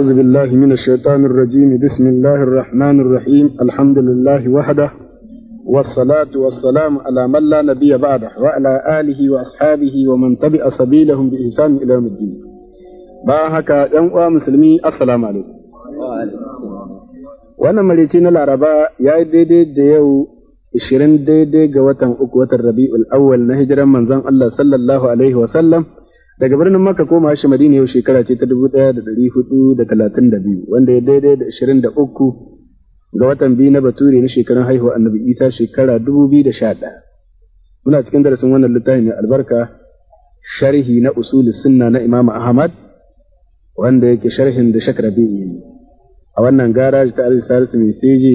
أعوذ بالله من الشيطان الرجيم بسم الله الرحمن الرحيم الحمد لله وحده والصلاة والسلام على من لا نبي بعده وعلى آله وأصحابه ومن تبع سبيلهم بإحسان إلى يوم الدين باهك ينقى مسلمي السلام عليكم wannan marici na laraba ya دي دي da yau 20 daidai ga watan uku watan rabi'ul awwal na hijiran الله Allah sallallahu alaihi wasallam daga birnin Makka koma shi Madina yau shekara ce ta 1432 wanda ya daidai da 23 ga watan biyu na Bature na shekarun haihuwa Annabi Isa shekara 2011 muna cikin darasin wannan littafin mai albarka sharhi na usuli sunna na Imam Ahmad wanda yake sharhin da Shakrabi ne a wannan garaji ta Al-Salisu mai seji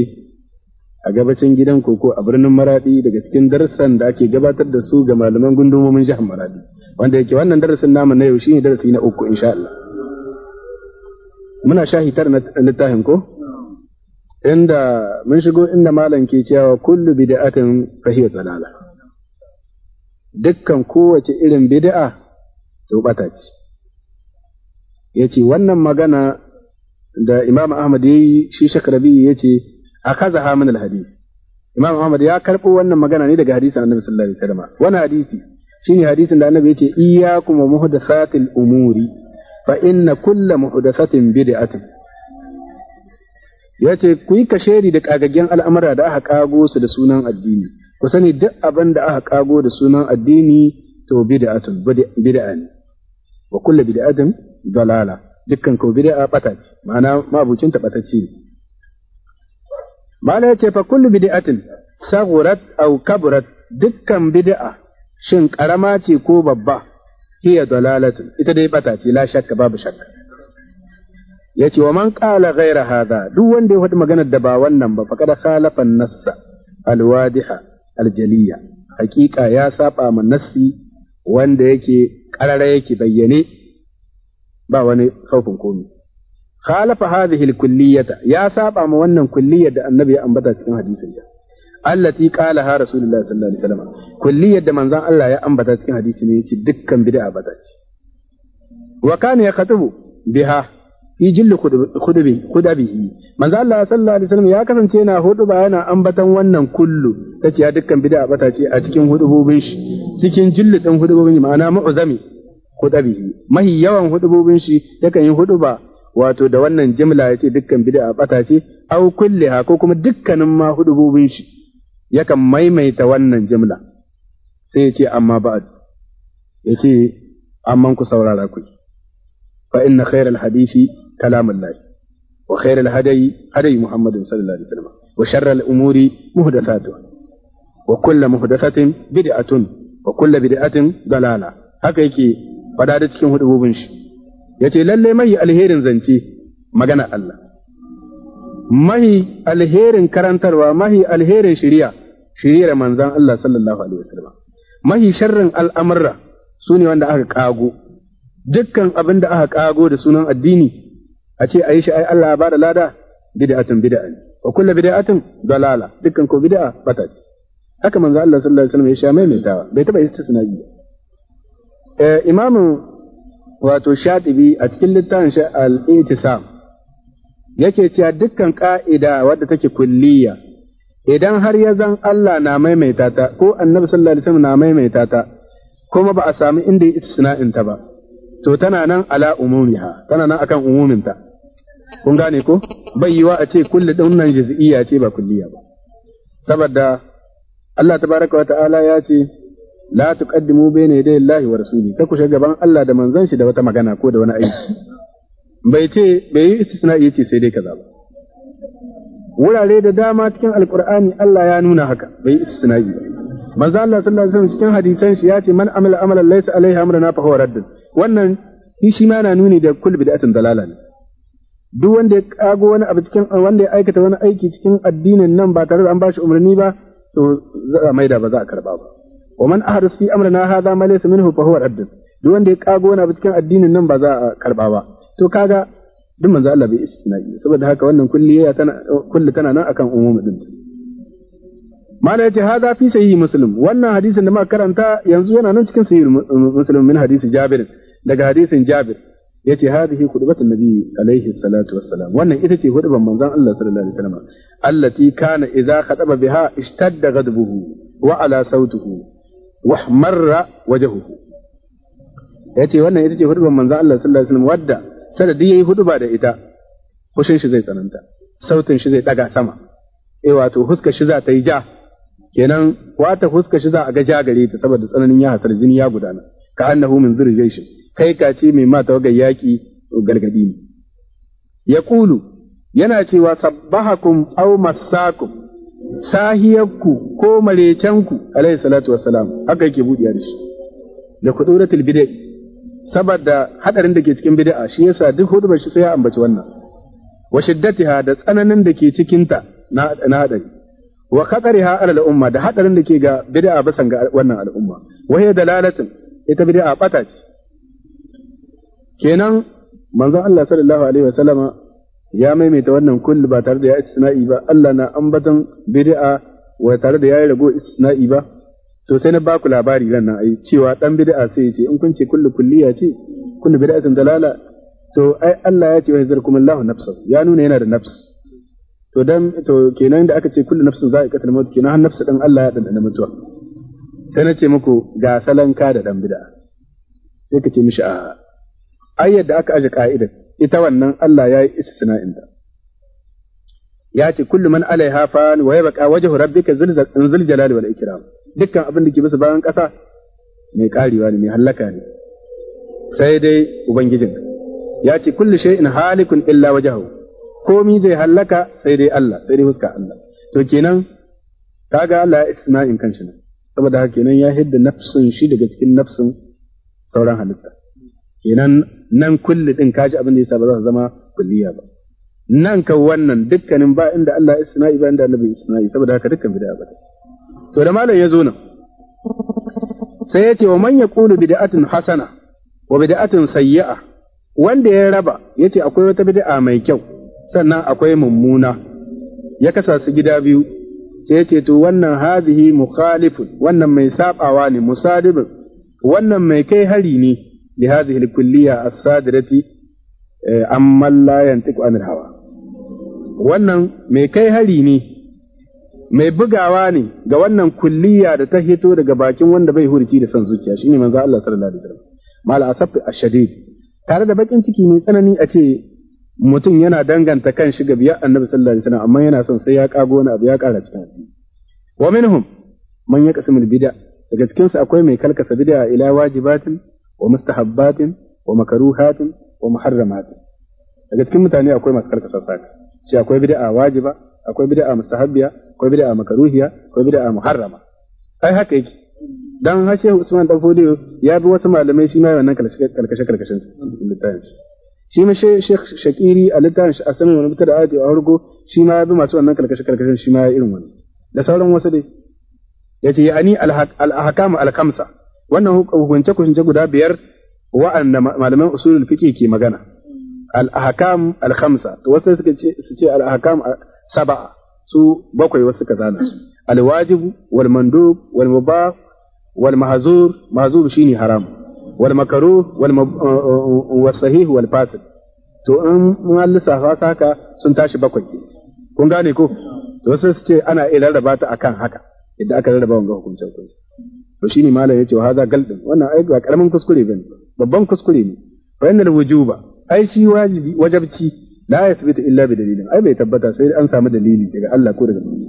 a gabacin gidan koko a birnin Maradi daga cikin darsan da ake gabatar da su ga malaman gundumomin jihar Maradi wanda yake wannan darasin namu na yau shine darasi na uku insha Allah muna shahitar na littafin ko inda mun shigo inda malam ke cewa kullu bid'atin fahiya dalala dukkan kowace irin bid'a to bata ce yace wannan magana da Imam Ahmad yayi shi Shakrabi yace akazaha min al-hadith Imam Ahmad ya karbo wannan magana ne daga hadisin Annabi sallallahu alaihi wasallam wannan hadisi shine hadisin da annabi yace iyyakum kuma muhdathatil umuri fa inna kulla muhdathatin Ya yace ku yi kasheri da kagaggen al'amura da aka kago su da sunan addini ku sani duk abin da aka kago da sunan addini to bid'atun bid'a ne wa kullu bid'atin dalala dukkan ko bid'a bata ce ma'ana mabucin ta batacce ne ya yace fa kullu bid'atin saghurat aw kaburat dukkan bid'a shin ƙarama ce ko babba hiya dalalatun ita dai bata ce la shakka babu shakka yace wa man qala ghaira hadha duk wanda ya faɗi maganar da ba wannan ba kada khalafa an-nassa al-wadiha al haqiqa ya saba ma nassi wanda yake qarara yake bayyane ba wani kaufin komi khalafa hadhihi alkulliyata ya saba ma wannan kulliyar da annabi ya ambata cikin hadisin allati ha rasulullah sallallahu alaihi wasallam kulli yadda manzon Allah ya ambata cikin hadisi ne yace dukkan bid'a bata ce wa kana yakatubu biha fi jillu khudubi kudabihi manzon Allah sallallahu alaihi wasallam ya kasance yana huduba yana ambatan wannan kullu tace ya dukkan bid'a bata ce a cikin hudubobin shi cikin jillu din shi ma'ana mu'zami kudabihi mahi yawan hudubobin shi yakan yi huduba wato da wannan jimla yace dukkan bid'a bata ce au kulliha ko kuma dukkanin ma hudubobin shi yakan maimaita wannan jimla sai ya ce amma ba'ad ya ce amman ku saurara ku fa inna khairal hadisi kalamullahi wa khairal hadayi hadayi muhammadin sallallahu alaihi wasallam wa sharral umuri muhdathatu wa kullu muhdathatin bid'atun wa kullu bid'atin dalala haka yake fada da cikin hudububin shi yace lalle mai alherin zance magana Allah mahi alherin karantarwa mahi alherin shari'a shirira manzan Allah sallallahu alaihi wasallam mahi sharrin al'amurra su ne wanda aka kago dukkan abin da aka kago da sunan addini a ce a yi shi ai Allah ba da lada bida'atun bida'a ne wa kullu bida'atun dalala dukkan ko bida'a bata ce haka manzo Allah sallallahu alaihi wasallam ya sha maimaitawa bai taba istisna'i eh Imamin wato shatibi a cikin littafin shi al-itisam yake cewa dukkan ka'ida wadda take kulliya idan har ya zan Allah na maimaita ta ko annabi sallallahu alaihi wasallam na maimaita ta kuma ba a sami inda ya isna'in ta ba to tana nan ala umumiha tana nan akan umumin ta kun gane ko bai yiwa a ce kulli dinnan jaz'iyya ce ba kulliya ba saboda Allah tabaraka wa ta'ala ya ce la tuqaddimu bayna yaday Allahi wa rasuli ta kushe gaban Allah da manzon shi da wata magana ko da wani aiki bai ce bai yi istisna'i ce sai dai kaza ba wurare da dama cikin alkur'ani Allah ya nuna haka bai istisna'i ba manzo Allah sallallahu alaihi wasallam cikin hadisan shi ya ce man amila amalan laysa alaihi amruna fa huwa raddun wannan shi shi ma na nuni da kullu bid'atin dalala ne duk wanda ya kago wani abu cikin wanda ya aikata wani aiki cikin addinin nan ba tare da an bashi umarni ba to za a maida ba za a karba ba wa man ahdus fi amrina hadha ma laysa minhu fa huwa raddun duk wanda ya kago wani abu cikin addinin nan ba za a karba ba to kaga duk manzo Allah bai istisna'i saboda haka wannan kulliya tana kulli tana nan akan umumi din mala yace hada fi sahihi muslim wannan hadisin da muka karanta yanzu yana nan cikin sahihi muslim min hadisi jabir daga hadisin jabir yace hadhihi khutbatun nabi alaihi salatu wassalam wannan ita ce khutban manzon Allah sallallahu alaihi wasallam allati kana idza khataba biha ishtadda ghadbuhu wa ala sautuhu wa hmarra wajhuhu yace wannan ita ce khutban manzon Allah sallallahu alaihi wasallam wadda sai da duk yayi huduba da ita fushin shi zai tsananta sautin shi zai daga sama eh wato huska shi za ta yi ja kenan wata huska shi za a ga ja gare ta saboda tsananin ya hasar jini ya gudana ka annahu min zurjai shi kai ka ce mai mata ga yaki gargadi ne ya kulu yana cewa sabbahakum aw massakum sahiyakku ko malecenku alaihi salatu wassalam haka yake budiya da shi da kuduratul bidai saboda hadarin da ke cikin bid'a shi yasa duk hudubar shi sai ya ambaci wannan wa shiddatiha da tsananin da ke cikin ta na na hadari wa qadariha ala al-umma da hadarin da ke ga bid'a basan ga wannan al'umma wa hiya dalalatin ita bid'a bata ce kenan manzon Allah sallallahu alaihi wa sallama ya maimaita wannan kulli ba tare da ya istina'i ba Allah na ambaton bid'a wa tare da ya yi rago istina'i ba to sai na ba ku labari nan ai cewa dan bid'a sai ce in kun ce kullu kulliya ce kullu bid'atin dalala to ai Allah ya ce wa yazarkum Allahu nafsan ya nuna yana da nafs to dan to kenan da aka ce kullu nafsin za'i qatal maut kenan har nafsu dan Allah ya dan mutuwa sai na ce muku ga ka da dan bid'a sai ka ce mishi a ai yadda aka aje ka'idar ita wannan Allah ya yi istisna'in inda ya ce kullu man alaiha fan wa yabqa wajhu rabbika zul jalali wal ikram dukkan abin da ke bisa bayan ƙasa mai karewa ne mai hallaka ne sai dai ubangijin ya ce kullu in halikun illa wajhahu komi zai hallaka sai dai Allah sai dai huska Allah to kenan kaga Allah ya isna'in kanshi nan saboda haka kenan ya hidda nafsun shi daga cikin nafsun sauran halitta kenan nan kulli din kaji abin da yasa ba za su zama kulliya ba nan kan wannan dukkanin ba inda Allah ya isna'i ba inda Allah bai isna'i saboda haka dukkan bid'a ba ta to da malam ya zo nan sai ya ce wa man yaqulu bid'atun hasana wa bid'atun Sayya'a. wanda ya raba ya ce akwai wata bid'a mai kyau sannan akwai mummuna ya kasa su gida biyu sai ya ce to wannan hazihi mukhalifun wannan mai sabawa ne musadibin wannan mai kai hari ne li hazihi kulliya as-sadirati eh, amma la yantiqu anil hawa wannan mai kai hari ne mai bugawa ne ga wannan kulliya da ta hito daga bakin wanda bai hurci da son zuciya shine manzo Allah sallallahu alaihi wasallam mal asaf ashadid tare da bakin ciki mai tsanani a ce mutum yana danganta kan shi ga biyar annabi sallallahu alaihi wasallam amma yana son sai ya kago wani abu ya kara cikin addini wa minhum man yaqsimul bid'a daga cikin su akwai mai kalkasa bid'a ila wajibatin wa mustahabbatin wa makruhatin wa muharramatin daga cikin mutane akwai masu kalkasa saka shi akwai bid'a wajiba akwai bid'a mustahabbiya akwai bid'a makaruhiya akwai bid'a muharrama ai haka yake dan hashe Usman dan Fodiyo ya bi wasu malamai shi ma wannan kalkashe kalkashen littafin shi ma Sheikh Shakiri a littafin shi asami wani bita da ayati a hargo shi ma ya bi masu wannan kalkashe kalkashen shi ma ya irin wannan da sauran wasu dai yace ya'ani al-ahkam al-khamsa wannan hukunce hukunce guda biyar wa'anda malaman usulul fiqh ke magana al-ahkam al-khamsa to wasu suka ce su ce al-ahkam saba'a su bakwai wasu suka zana su alwajibu wal mandub wal mubah wal mahzur mahzur shine haram wal makruh wal uh, uh, was sahih wal fasid to an lissafa fasaka sun tashi bakwai kun gane ko to wasu su ce ana iya rarraba akan haka idan aka rarraba wanga hukuncin hukunci to shine malam yace haza galdin wannan ai ba karamin kuskure bane babban kuskure ne fa innal wujuba ai shi wajibi wajabci la yasbitu illa bi dalilin ai bai tabbata sai an samu dalili daga Allah ko daga manzo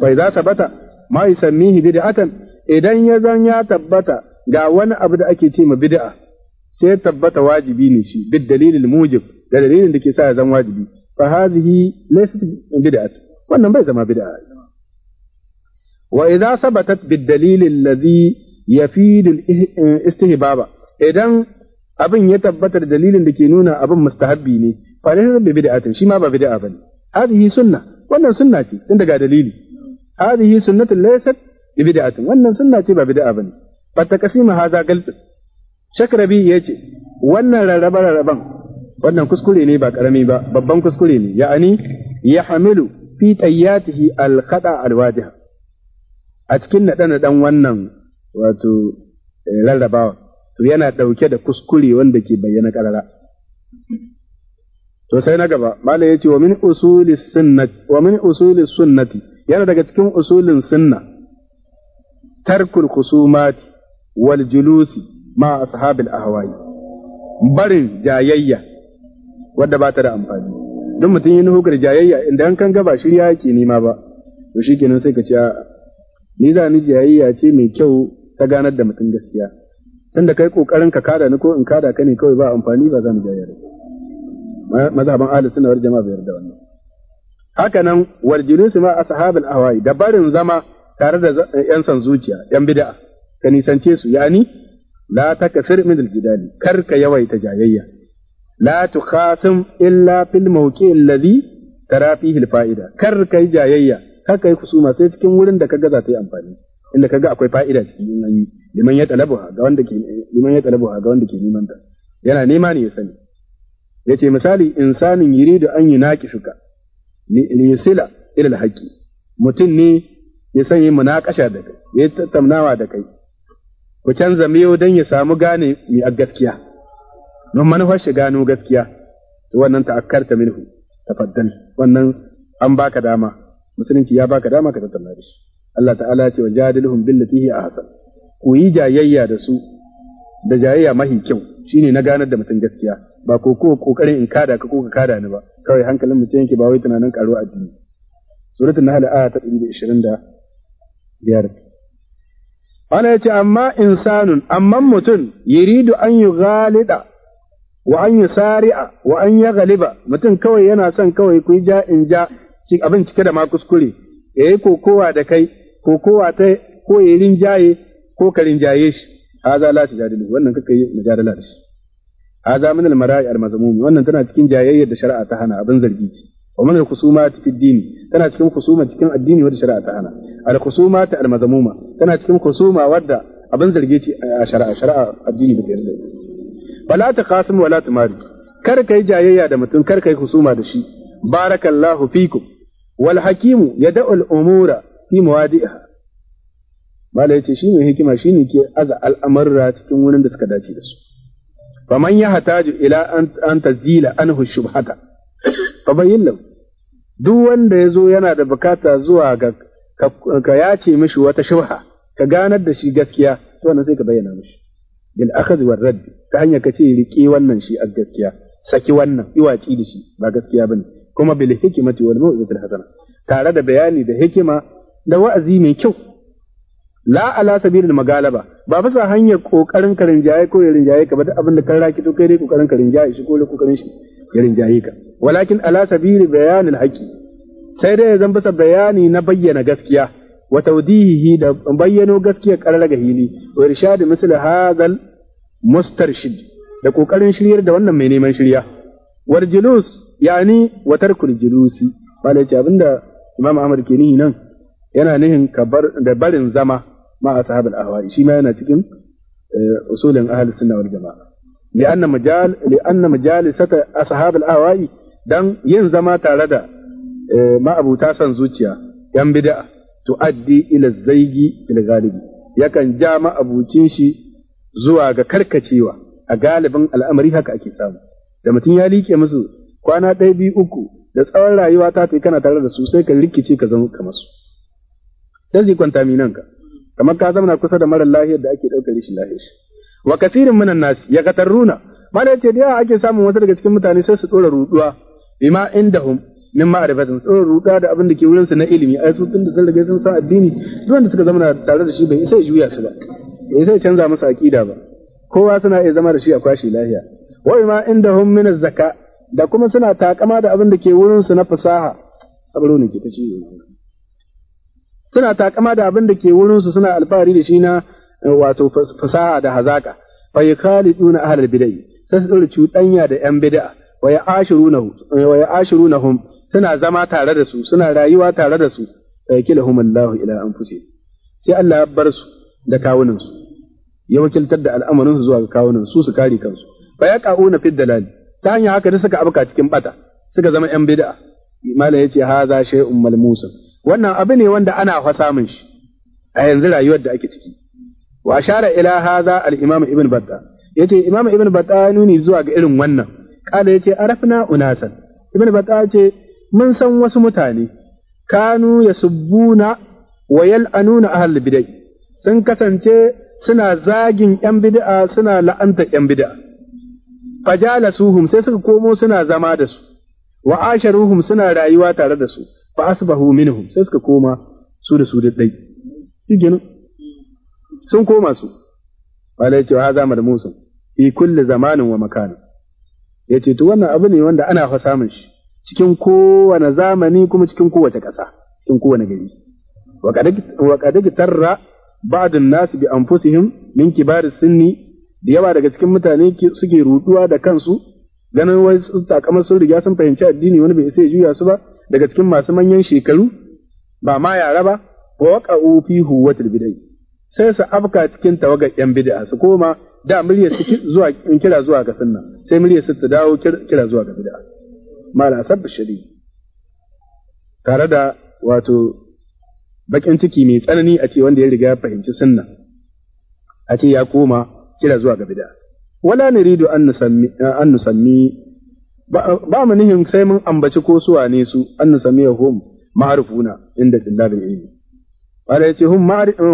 fa idza sabata ma yusammihi bid'atan idan ya zan ya tabbata ga wani abu da ake ce ma bid'a sai tabbata wajibi ne shi bid dalilil mujib da dalilin da ke sa ya zan wajibi fa hadhihi laysat bid'at wannan bai zama bid'a wa idza sabatat bid dalil alladhi yafidu istihbaba idan abin ya tabbatar dalilin da ke nuna abin mustahabbi ne fa da bi bid'atin shi ma ba bid'a bane hadhihi sunna wannan sunna ce tun daga dalili hadhihi sunnatu laysat bi bid'atin wannan sunna ce ba bid'a bane fa taqsimu hadha galb shakrabi yace wannan rarraba rarraban wannan kuskure ne ba karami ba babban kuskure ne ya'ani ya hamilu fi tayyatihi al qada al wajiha a cikin naɗe-naɗen wannan wato eh, rarrabawa to yana ɗauke da kuskure wanda ke bayyana ƙarara. To sai na gaba, Mala ya ce, wa min usuli sunnati, yana daga cikin usulin sunna, tarkul kusumati wal julusi ma ashabil ahwai, barin jayayya wadda ba ta da amfani. Duk mutum yi nuhukar jayayya inda kan gaba shirya yake nima ba, to shi sai ka ce, ni za ni jayayya ce mai kyau ta ganar da mutum gaskiya. inda kai kokarin ka kada ni ko in kada ka ne kawai ba amfani ba za mu yare mazhaban ahli sunna wal jama'a bai yarda wannan haka nan wal julusu ma ashabul ahwa'i da barin zama tare da yan san zuciya yan bid'a ka nisance su yani la takasir min al kar ka yawaita jayayya la tukhasim illa fil mawqi alladhi tara fihi al fa'ida kar kai jayayya kar kai kusuma sai cikin wurin da ka za ta yi amfani inda kaga akwai fa'ida cikin an yi liman ya talabu ga wanda ke liman ya talabuha ga wanda ke neman ta yana nema ne ya sani yace misali insanin yuridu an yunaqishuka li yusila ila al-haqqi mutum ne ya sanya munakasha da kai ya tattaunawa da kai ku canza miyo don ya samu gane mi a gaskiya don manufar shi gano gaskiya to wannan ta'akkarta minhu tafaddal wannan an baka dama musulunci ya baka dama ka tattauna da shi Allah ta'ala ya ce wa jadilhum billati hi ahsan ku yi jayayya da su da jayayya mahi kyau shine na ganar da mutum gaskiya ba ko ko kokarin in kada ka ko ka kada ni ba kawai hankalin mutum yake ba wai tunanin karo addini suratul nahl aya ta 125 Ana ya ce, amma insanun, amma mutum, yuridu an yughalida wa an yusari'a wa an yaghliba galiba, mutum kawai yana son kawai ku ja in ja abin cike da ma kuskure, ya yi kokowa da kai, ko kowa ta ko ya rinjaye ko ka rinjaye shi haza la tujadilu wannan kaka yi mujadala da shi haza min al-mara'i al-mazmum wannan tana cikin jayayyar da shari'a ta hana abin zargi ce wa min al-khusumat fi ad tana cikin khusuma cikin addini wadda shari'a ta hana al ta al-mazmuma tana cikin khusuma wadda abin zargi ce a shari'a shari'a addini ba ta yarda wala ta qasim wala mari kar kai jayayya da mutum kar kai kusuma da shi barakallahu fikum wal hakimu yad'u al-umura fi mawadi'iha mala yace shi mai hikima shi ne ke aza al'amarra cikin wurin da suka dace da su faman ya hataju ila an ta zila tazila anhu shubhata fa bayyin lahu duk wanda ya zo yana da bukata zuwa ga ka yace mishi wata shubha ka ganar da shi gaskiya to wannan sai ka bayyana mishi bil akhadh war radd ta hanyar ka ce riƙe wannan shi a gaskiya saki wannan iwaci da shi ba gaskiya ba ne. kuma bil hikimati wal mau'izatil hasana tare da bayani da hikima da wa'azi mai kyau la ala da magalaba ba fasa hanyar ƙoƙarin ka rinjaye ko ya rinjaye ka ba ta abin da kan raki to kai dai ƙoƙarin ka rinjaye shi ko ƙoƙarin shi ya rinjaye ka walakin ala sabili bayanin haƙƙi. sai dai zan bisa bayani na bayyana gaskiya wa tawdihi da bayyano gaskiya karraga hili wa irshad misl da ƙoƙarin shiryar da wannan mai neman shirya war julus yani wa tarkul julusi bale abinda imam ahmad ke nihi nan yana nihin da barin zama ma ashabul ahwa'i shi ma yana cikin eh, usulin ahli sunna wal jama'a li'anna majal li'anna majalisata ashabul ahwa'i dan yin zama tare da eh, ta san zuciya yan bid'a tu'addi ila zaigi ila galibi yakan ja ma'abucin shi zuwa ga karkacewa a galibin al'amari haka ake samu da mutum ya liƙe musu kwana ɗaya biyu uku da tsawon rayuwa ta fi kana tare da su sai ka rikice ka zama kamar su sai zai yi kwanta minanka kamar ka zamana kusa da marar lahiyar da ake ɗaukar shi lahiyar shi wa kasirin minan nasi ya katarruna mana yace da yawa ake samun wasu daga cikin mutane sai su tsora ruduwa bima indahum min ma'rifatin tsora ruduwa da abin da ke wurin su na ilimi ai su tun da sun rage sun san addini duk wanda suka zamana tare da shi bai sai juya su ba bai sai canza musu aqida ba kowa suna iya zama da shi a kwashi lahiya wa bima indahum min zaka da kuma suna takama da abin da ke wurin su na fasaha sabaro ne ke ta ciwo suna takama da abin da ke wurinsu suna alfahari da shi na eh, wato fasaha da hazaka fa yakhaliduna ahlal bidai sai su dora cuɗanya da yan bid'a wa ya'ashirunahu eh, wa ya'ashirunahum suna zama tare da su suna rayuwa tare da su yakilahum Allahu ila anfusi sai Allah ya bar su da kawunan su ya wakiltar da al'amarin su zuwa ga kawunan su su kare kansu fa yaqauna fid dalal ta hanyar haka da suka abuka cikin bata suka zama yan bid'a malam yace haza shay'un malmusa wannan abu ne wanda ana fa samun shi a yanzu rayuwar da ake ciki wa ashara ila hadha al-imam ibn badda yace imam ibn badda ya nuni zuwa ga irin wannan kala yace arafna unasan ibn badda yace mun san wasu mutane kanu yasubbuna wa yal'anuna ahlul bid'ah sun kasance suna zagin ‘yan bid'a suna la'anta ‘yan bid'a, fajala suhum sai suka komo suna zama da su, wa asharuhum suna rayuwa tare da su, fa asbahu minhum sai suka koma su da su da dai shikenan sun koma su malai ce da Musu. fi kulli zamanin wa makani yace to wannan abu ne wanda ana fa samun shi cikin kowane zamani kuma cikin kowace ƙasa cikin kowane gari wa kadaki tarra ba'dun nasu bi anfusihim min kibari sinni da yawa daga cikin mutane suke ruduwa da kansu ganin wai su sun riga sun fahimci addini wani bai sai juya su ba daga cikin masu manyan shekaru ba ma yara ba wa waqa'u fi huwatar bidai sai su afka cikin tawagar yan bid'a su koma da muryar su zuwa kira zuwa ga sunna sai muryar su ta dawo kira zuwa ga bid'a mala sabbin shari tare da wato bakin ciki mai tsanani a ce wanda ya riga ya fahimci sunna a ce ya koma kira zuwa ga bid'a wala nuridu an nusammi an nusammi ba mu nihin sai mun ambaci ko suwa ne su an ya hum ma'arufuna inda dillabin ilmi wala yace hum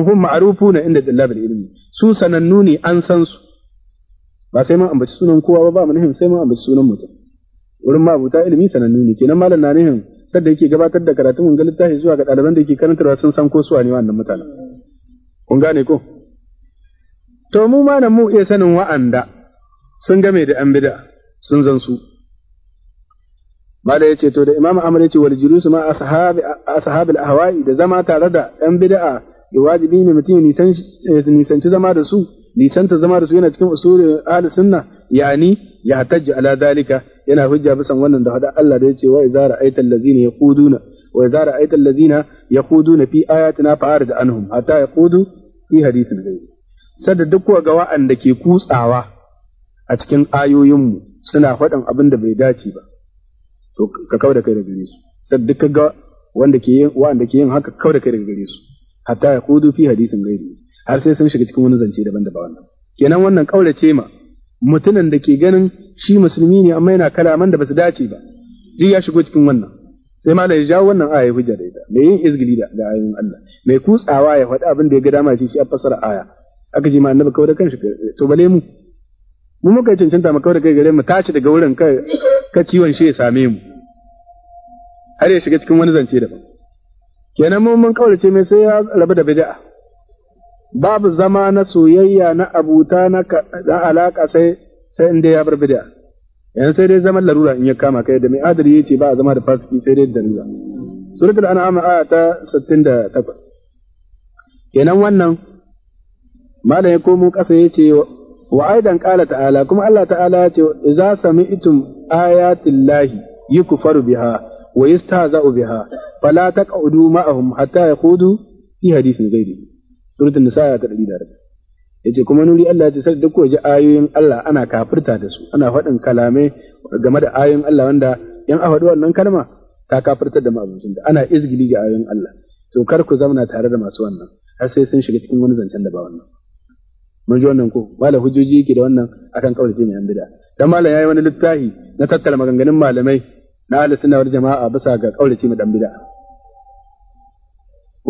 hum ma'arufuna inda dillabin ilmi su sanannu ne an san su ba sai mun ambaci sunan kowa ba ba mu nihin sai mun ambaci sunan mutum wurin ma abuta ilimi sanannu ne kenan malam na nihin sadda yake gabatar da karatun mun ga littafi zuwa ga ɗaliban da yake karantarwa sun san ko suwa ne wannan mutanen kun gane ko to mu ma mu iya sanin wa'anda sun game da an bida sun zan su mala yace to da imam amr yace wal julus ma ashabi ashab al ahwa'i da zama tare da yan bid'a da wajibi ne mutum nisan nisanci zama da su nisanta zama da su yana cikin usulul ahli sunna yani ya tajji ala dalika yana hujja bisan wannan da hada Allah da yace wa idza ra'aita allazina yaquduna wa idza ra'aita allazina yaquduna fi ayatina fa'arid anhum hatta yaqudu fi hadithin yi. Sada duk gawa'an da ke kutsawa a cikin ayoyinmu suna faɗin abin da bai dace ba to ka kawo da kai daga gare su sai duk ga wanda ke yin wanda ke yin haka kawo da kai daga gare su hatta ya kudu fi hadisin gairi har sai sun shiga cikin wani zance daban da ba wannan kenan wannan kaurace ma mutumin da ke ganin shi musulmi ne amma yana kalaman da basu dace ba duk ya shigo cikin wannan sai malai ya jawo wannan aya hujja da ita mai yin izgili da da ayoyin Allah mai kutsawa ya faɗi abin da ya ga dama shi shi a fasara aya aka ji ma annabi kawai da kanshi to bale mu mu muka cancanta mu kawai da kai gare mu tashi daga wurin kai ka ciwon shi ya same mu har ya shiga cikin wani zance daban kenan mun mun kaurace mai sai ya rabu da bid'a babu zama na soyayya na abuta na alaka sai sai inda ya bar bid'a Yan sai dai zaman larura in ya kama kai da mai adali yace ba a zama da fasiki sai dai da larura suratul an'am aya ta 68 kenan wannan malam ya komo kasa yace wa aidan qala ta'ala kuma Allah ta'ala ya ce idza sami'tum آيات الله يكفر بها biha بها فلا تقعدوا biha حتى يقودوا في حديث غيره سورة hadithin ghairi suratul ya yace kuma nuri Allah yace sai duk waje ayoyin Allah ana kafirta da su ana faɗin kalame game da ayoyin Allah wanda yan a faɗi wannan kalma ta kafirta da ma'abucin da ana izgili ga ayoyin Allah to kar ku zauna tare da masu wannan har sai sun shiga cikin wani zancen da ba wannan mun ji wannan ko malam hujjoji yake da wannan akan kaurace mai an bid'a dan malam yayi wani littafi na tattara maganganun malamai na ahli sunna wal jama'a bisa ga kaulace mu dan bid'a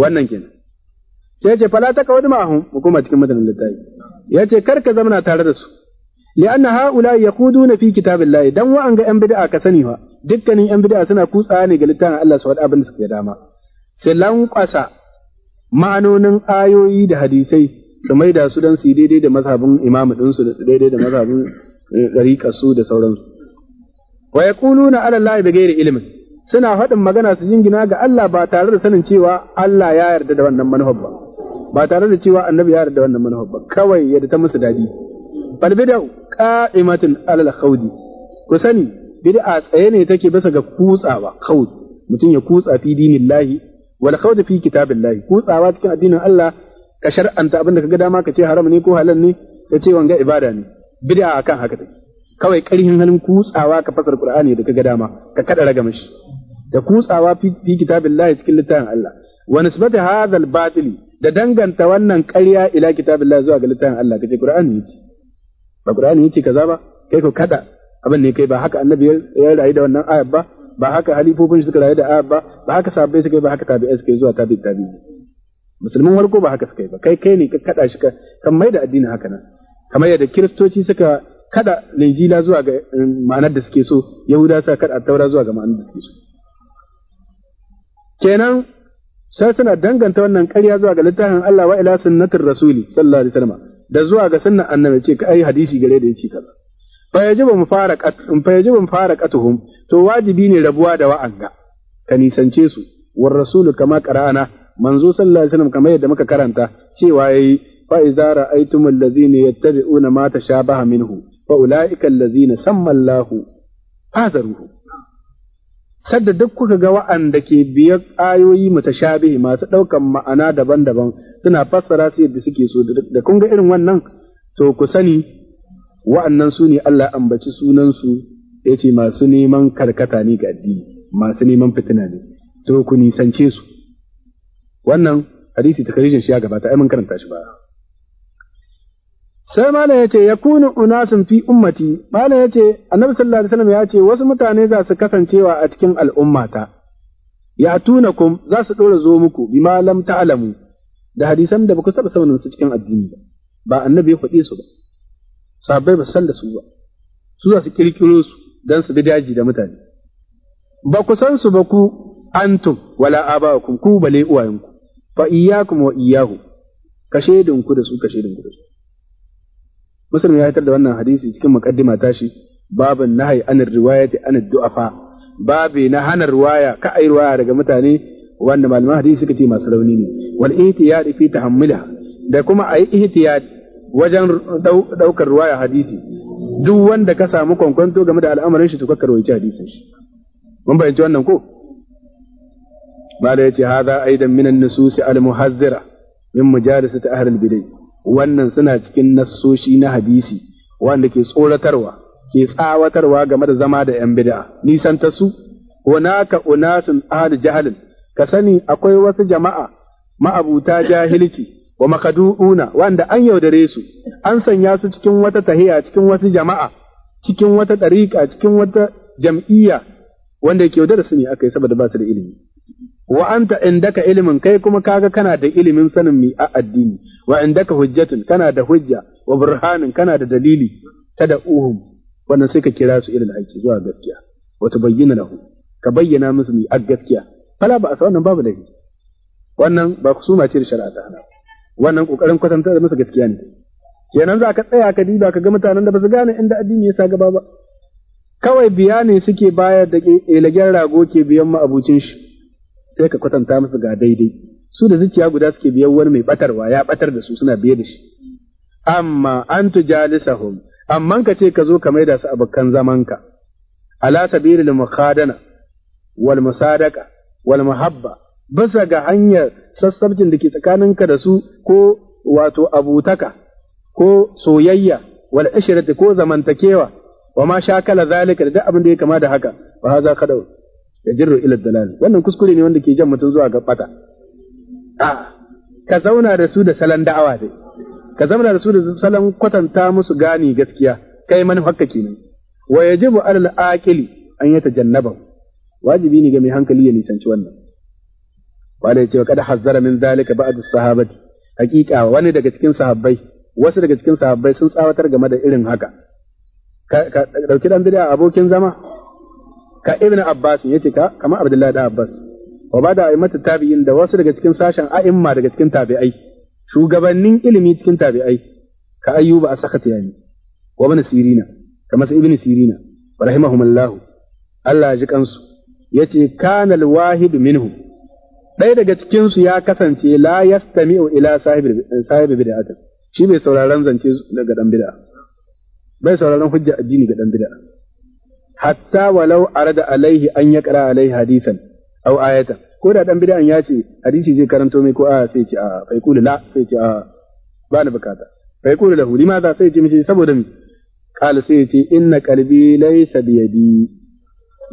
wannan kenan sai ce fala kawu ma ma'ahum hukuma cikin madanin littafi yace kar ka zamana tare da su li'anna haula yaquduna fi kitabillahi dan wa ga yan bid'a ka sani fa dukkanin yan bid'a suna kutsa ne ga littafin Allah su abin da suke dama sai lankwasa ma'anonin ayoyi da hadisai su maida su dan su daidai da mazhabin imamu din su da daidai da mazhabin su da sauransu wa yaquluna ala da bighairi ilimin? suna faɗin magana su jingina ga Allah ba tare da sanin cewa Allah ya yarda da wannan manufar ba ba tare da cewa annabi ya yarda da wannan manufar ba kawai yadda ta musu dadi bal bid'u qa'imatun ala al-khawdi ku sani bid'a tsaye ne take bisa ga kutsawa khawd mutum ya kutsa fi dinillahi wal khawd fi kitabillahi kutsawa cikin addinin Allah ka shar'anta abin da kaga dama ka ce haram ne ko halal ne ka ce wanga ibada ne bid'a akan haka take kawai ƙarhin halin kutsawa ka fasar Qur'ani da kaga dama ka kada raga shi, da kutsawa fi kitabillahi cikin littafin Allah wa nisbata hadha al da danganta wannan ƙarya ila kitabillahi zuwa ga littafin Allah kace Qur'ani yace ba Qur'ani yace kaza ba kai ko kada abin ne kai ba haka annabi ya rayu da wannan ayat ba ba haka halifofin suka rayu da ayat ba ba haka sahabbai suka yi ba haka tabi'ai suka yi zuwa tabi'i tabi'i musulmin warko ba haka suka yi ba kai kai ne ka kada shi ka kan maida addini haka nan kamar yadda kiristoci suka kada linjila zuwa ga um, ma'anar da suke so yahuda suka kada taura zuwa ga ma'anar da suke so kenan sai suna danganta wannan ƙarya zuwa ga littafin Allah wa ila sunnatir rasuli sallallahu alaihi wasallam da zuwa ga sunnan annabi ce kai hadisi gare da yace kaza fa yajibu mufaraqat fa yajibu mufaraqatuhum to wajibi ne rabuwa da wa'anga ka nisance su war rasulu kama qara'ana manzo sallallahu alaihi wasallam kamar yadda muka karanta cewa yayi fa idza ra'aytum allazina yattabi'una ma tashabaha minhu fa ulaika allazina samma Allah fazaruhu sadda duk kuka ga wa'anda ke biyar ayoyi mutashabihi masu ɗaukan ma'ana daban-daban suna fassara su yadda suke so da kun ga irin wannan to ku sani wa'annan su ne Allah ambaci sunansu ya ce masu neman karkata ne ga addini masu neman fitina ne to ku nisance su wannan hadisi ta shi ya gabata ai mun karanta shi ba sai malam ya ce ya kunu unasun fi ummati malam ya ce annabi sallallahu alaihi wasallam ya ce wasu mutane za su kasancewa a cikin al'ummata ya tuna kum za su dora zo muku bima lam ta'lamu da hadisan da baku saba sanin su cikin addini ba ba annabi ya faɗe su ba sabai ba san da su ba su za su kirkiro su dan su bi daji da mutane ba ku san su ba ku antum wala aba'akum ku bale uwayenku fa iyyakum wa iyyahu kashe dinku da su kashe dinku da su muslim ya hitar da wannan hadisi cikin ta shi babin nahai riwaya riwayati anar du'afa babi na hana riwaya ka ai riwaya daga mutane wanda malaman hadisi suka ce masu rauni ne wal ihtiyad fi tahammulha da kuma ai ihtiyad wajen daukar riwaya hadisi duk wanda ka samu kwankwanto game da al'amarin shi to ka karwaye hadisin shi mun bayyance wannan ko mala yace hadha aidan minan nusus al muhazzira min mujalisati ahli al bidai wannan suna cikin nassoshi na hadisi wanda ke tsoratarwa ke tsawatarwa game da zama da ‘yan bida'a. nisan ta su hunaka unasun ahad jahalin ka sani akwai wasu jama'a ma'abuta jahilci wa makadu'una wanda an yaudare su an sanya su cikin wata tahiya cikin wasu jama'a cikin wata ɗariƙa cikin wata jam'iyya wanda ke yaudara su ne aka yi saboda ba su da ilimi wa anta indaka ilimin kai kuma kaga kana da ilimin sanin mi a addini wa indaka hujjatun kana da hujja wa burhanun kana da dalili uhum wannan sai ka kira su ilal haqi zuwa gaskiya wa tubayyana lahu ka bayyana musu ni a gaskiya fala ba a san wannan babu dalili wannan ba suma ce da shari'a ta hana wannan kokarin kwatanta da musu gaskiya ne kenan za ka tsaya ka diba ka ga mutanen da ba su gane inda addini ya sa gaba ba kawai biya ne suke bayar da ilagen rago ke biyan abucin shi sai ka kwatanta musu ga daidai su da zuciya guda suke biyan wani mai batarwa ya batar da su suna biye da shi amma an tujalisahum amman ka ce ka zo ka maida su abokan zamanka ala sabilil mukhadana wal musadaka wal muhabba bisa ga hanyar sassabcin da ke tsakaninka da su ko wato abutaka ko soyayya wal ishrati ko zamantakewa wa ma shakala zalika da abin da ya kama da haka wa hadha kada yajru ila dalal wannan kuskure ne wanda ke jan mutum zuwa ga bata a ah. ka zauna da su da salon da'awa dai ka zauna da su da salon kwatanta musu gani gaskiya kai manufarka kenan wa yajibu alal aqili an yatajannaba wajibi ne ga mai hankali ya nisanci wannan wanda ya ce wa kada hazzara min zalika ba'd sahabati hakika wani daga cikin sahabbai wasu daga cikin sahabbai sun tsawatar game da irin haka ka dauki dan bid'a abokin zama ka ibnu abbas yace ka kamar abdullahi da abbas wa ba da a'immatu tabi'in da wasu daga cikin sashen a'imma daga cikin tabi'ai shugabannin ilimi cikin tabi'ai ka ayyuba a asakata yani wa ibn sirina kamar ibn sirina wa rahimahumullah Allah ya ji kansu yace kana al-wahid minhu ɗaya daga cikin su ya kasance la yastami'u ila sahibi sahibi bid'atin shi bai sauraron zance daga dan bid'a bai sauraron hujja addini ga dan bid'a hatta walau arada alaihi an yaqra alaihi hadisan aw ayatan ko da dan bid'an ya ce hadisi zai karanto mai ko a sai ce a fa yaqulu la sai ce a ba ni bukata fa yaqulu lahu limadha sai ce mishi saboda mi qala sai ce inna qalbi laysa bi yadi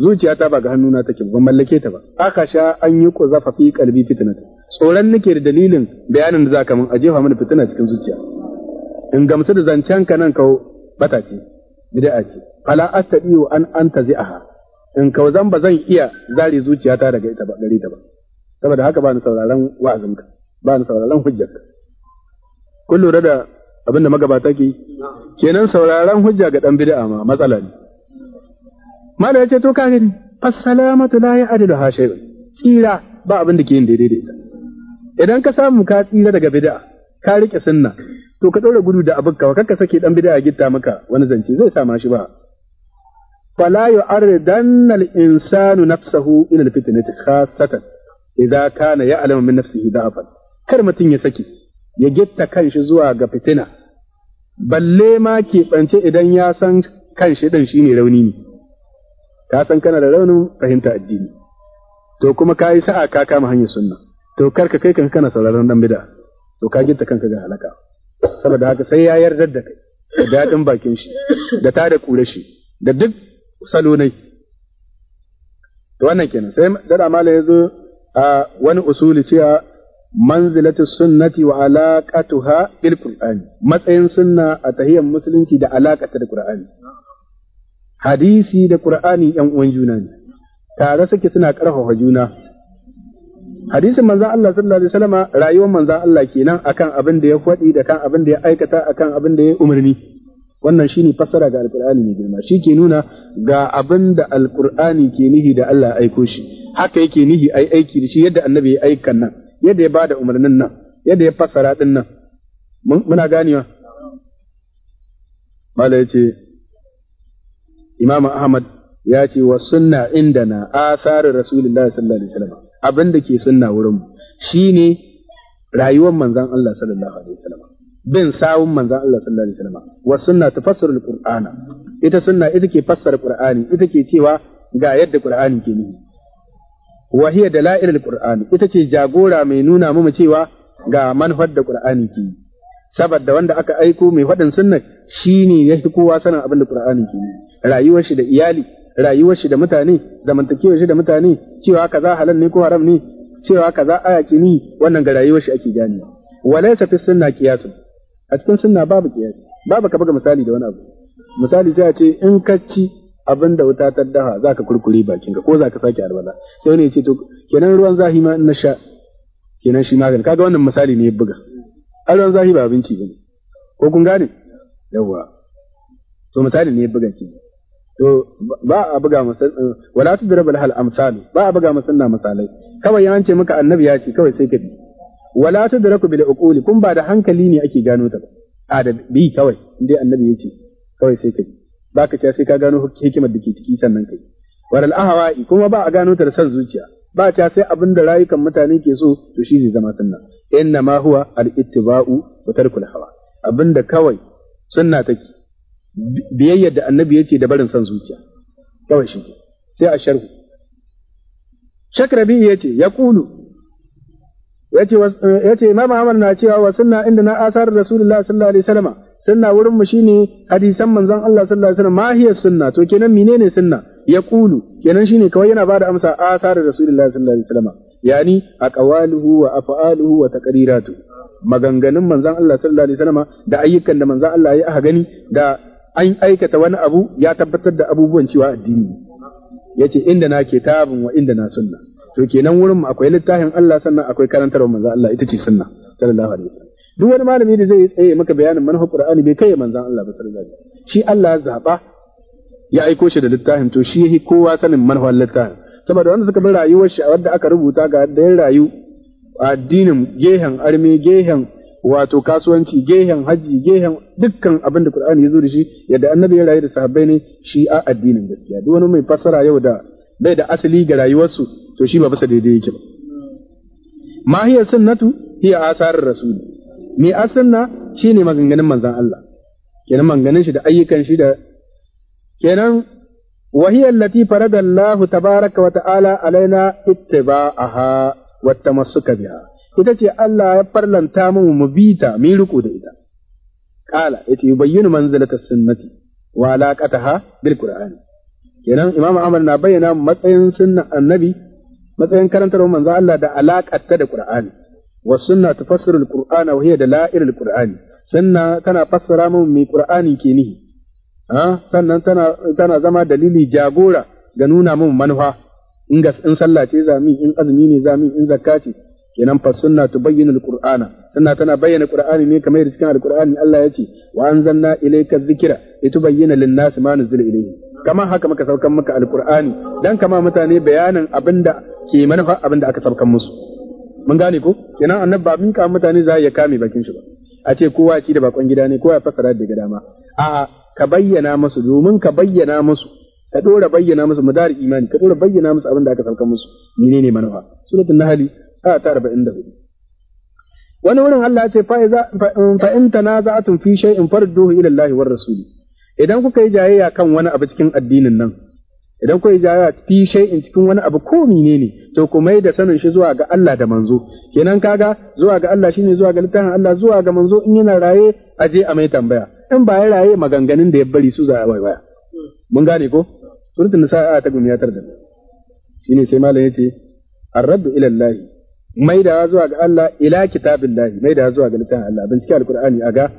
zuciyata ba ga hannuna take ban mallake ta ba aka sha an yi ko zafa fi qalbi fitnata tsoron nake da dalilin bayanin da zaka min a jefa mana fitina cikin zuciya in gamsu da zancen ka nan ka bata ce bid'a ce fala astadiu an antazi'aha in kauzan ba zan iya zare zuciyata daga ita ba gare ta ba saboda haka ba ni sauraron wa'azinka ba ni sauraron hujjarka kun lura da abin da magabata ke kenan sauraron hujja ga dan bid'a ma matsala ne mala yace to kafin fassalamatu la ya'dilu ha shay'un tsira ba abin da ke yin daidai da ita idan ka samu ka tsira daga bid'a ka rike sunna to ka ɗaura gudu da abin kawa kakka sake dan bid'a gitta maka wani zance zai sa ma shi ba فلا يعرضن الإنسان نفسه إلى الفتنة خاصة إذا كان يعلم من نفسه ضعفا كلمة يسكي يجد كنش زوا غفتنا balle ma كي idan ya san kan shi ne rauni ne, ka san da raunin fahimta addini, to kuma ka yi sa'a ka kama hanyar sunna, to ka kai kanka kana sauraron ɗan bida, to ka gita kanka ga halaka, saboda haka sai ya yarda da kai, da daɗin bakin shi, da ta da kure shi, da duk Salonai, to wannan kenan sai dada malam yazo a wani usuli cewa manzilatu sunnati wa alaqatuha bil qur'ani matsayin sunna a tahiyyar musulunci da alaqata da qur'ani hadisi da qur'ani yan uwan juna ne tare suke suna karfafa juna hadisin manzan Allah sallallahu alaihi wasallama rayuwar manzan Allah kenan akan abin da ya faɗi da kan abin da ya aikata akan abin da ya umarni wannan shine fassara ga alqur'ani mai girma shi ke nuna ga abin da alqur'ani ke nihi da Allah aiko shi haka yake nihi ai aiki da shi yadda annabi ya aikan nan yadda ya bada umarnin nan yadda ya fassara din nan muna ganewa mala yace imam ahmad ya ce wa sunna indana asarin rasulullahi sallallahu alaihi wasallam abin da ke sunna wurin mu shine rayuwar manzon Allah sallallahu alaihi wasallam bin sawun manzan Allah sallallahu alaihi wasallam wa sunna tufassirul qur'ana ita sunna ita ke fassara qur'ani ita ke cewa ga yadda qur'ani ke nuni wa hiya dalailul qur'ani ita ce jagora mai nuna mu cewa ga manhaj da qur'ani ke saboda wanda aka aiko mai fadin sunna shine ya fi kowa sanin abin da qur'ani ke rayuwar shi da iyali rayuwar shi da mutane zamantakewar shi da mutane cewa kaza halal ne ko haram ne cewa kaza ayaki ne wannan ga rayuwar shi ake gani walaysa fi sunna qiyasun a cikin sunna babu kiyasi babu ka buga misali da wani abu misali sai a ce in ka ci abin da wuta ta daha za ka kurkure bakin ka ko za ka sake albala sai wani ya ce to kenan ruwan zahi ma in na sha kenan shi magani kaga wannan misali ne ya buga a ruwan zahi ba abinci bane ko kun gane yawa to misali ne ya buga kenan to ba a buga masal wala tudrabal hal amsal ba a buga masanna misalai kawai ya ce maka annabi ya ce kawai sai ka bi wala tudraku bil uquli kun ba da hankali ne ake gano ta ba a da bi kawai indai annabi yace kawai sai kai ba ka sai ka gano hikimar da ke ciki sannan kai waral ahawa'i kuma ba a gano ta san zuciya ba ta sai abinda rayukan mutane ke so to shi zai zama sunna inna ma huwa al ittiba'u wa tarkul hawa abinda kawai sunna take biyayyar da annabi yace da barin san zuciya kawai shi sai a sharhu shakrabi yace yaqulu yace yace Imam Ahmad na cewa wa sunna inda na asar Rasulullah sallallahu alaihi wasallam sunna wurin mu shine hadisan manzon Allah sallallahu alaihi wasallam ma sunna to kenan menene sunna ya kulu kenan shine kawai yana bada amsa asar Rasulullah sallallahu alaihi wasallam yani aqwaluhu wa af'aluhu wa taqriratu maganganun manzon Allah sallallahu alaihi wasallam da ayyukan da manzon Allah ya aka gani da an aikata wani abu ya tabbatar da abubuwan cewa addini yace inda na kitabun wa inda na sunna to kenan wurin mu akwai littafin Allah sannan akwai karantarwa manzo Allah ita ce sunna sallallahu alaihi wasallam duk wani malami da zai tsaye maka bayanin manhaj Qur'ani bai kai manzo Allah ba sallallahu alaihi wasallam shi Allah zaba ya aiko shi da littafin to shi yake kowa sanin manhaj littafin saboda wanda suka bi rayuwar shi wanda aka rubuta ga da rayu addinin gehen armi gehen wato kasuwanci gehen haji gehen dukkan abin da Qur'ani ya zo da shi yadda annabi ya rayu da sahabbai ne shi a addinin gaskiya duk wani mai fassara yau da bai da asali ga rayuwarsu to shi ba bisa daidai yake ba ma hiya sunnatu hiya asarar rasul me asunna shine maganganun manzan Allah kenan maganganun shi da ayyukan shi da kenan وهي التي فرض الله تبارك وتعالى علينا اتباعها والتمسك بها ita ce Allah ya farlanta min mu bi ta mu riko da ita qala yace yubayyinu manzilata sunnati wa alaqataha bil qur'ani kenan imamu Ahmad na bayyana matsayin annabi matsayin karantar manzo Allah da alaƙar ta da Qur'ani wa sunna tufassiru al-Qur'ana wa hiya dalail al-Qur'ani sunna tana fassara mun me Qur'ani ke ni ha sannan tana tana zama dalili jagora ga nuna mun manufa in ga in sallah ce in azumi ne zami in zakka ce kenan fa sunna tubayyinu al-Qur'ana sunna tana bayyana Qur'ani ne kamar cikin al-Qur'ani Allah ya ce wa anzalna ilayka dhikra litubayyana lin-nasi ma nuzila ilayhi Kamar haka muka saukan maka al-Qur'ani dan kama mutane bayanin abinda ke manufa abin da aka sabkan musu mun gane ko kenan annabi ba min kawo mutane za ya kame bakin shi ba a ce kowa ci da bakon gida ne kowa ya fasara daga dama a'a ka bayyana musu domin ka bayyana musu ka dora bayyana musu madar imani ka dora bayyana musu abin da aka sabkan musu menene manufa suratul nahl a ta da hudu. wani wurin Allah ce fa um, in tun fi shay'in farduhu ila Allah war rasuli idan kuka yi jayayya kan wani abu cikin addinin nan idan ja ya fi shay'in cikin wani abu ko menene to ku mai da sanin shi zuwa ga Allah da manzo kenan kaga zuwa ga Allah shine zuwa ga littafin Allah zuwa ga manzo in yana raye a je a mai tambaya in ba ya raye maganganun da ya bari su za a baya mun gane ko suratul nisa a ta gumiyatar da shine sai malam yace ar-raddu ila Allah mai da zuwa ga Allah ila kitabillahi mai da zuwa ga littafin Allah bincike alqur'ani aga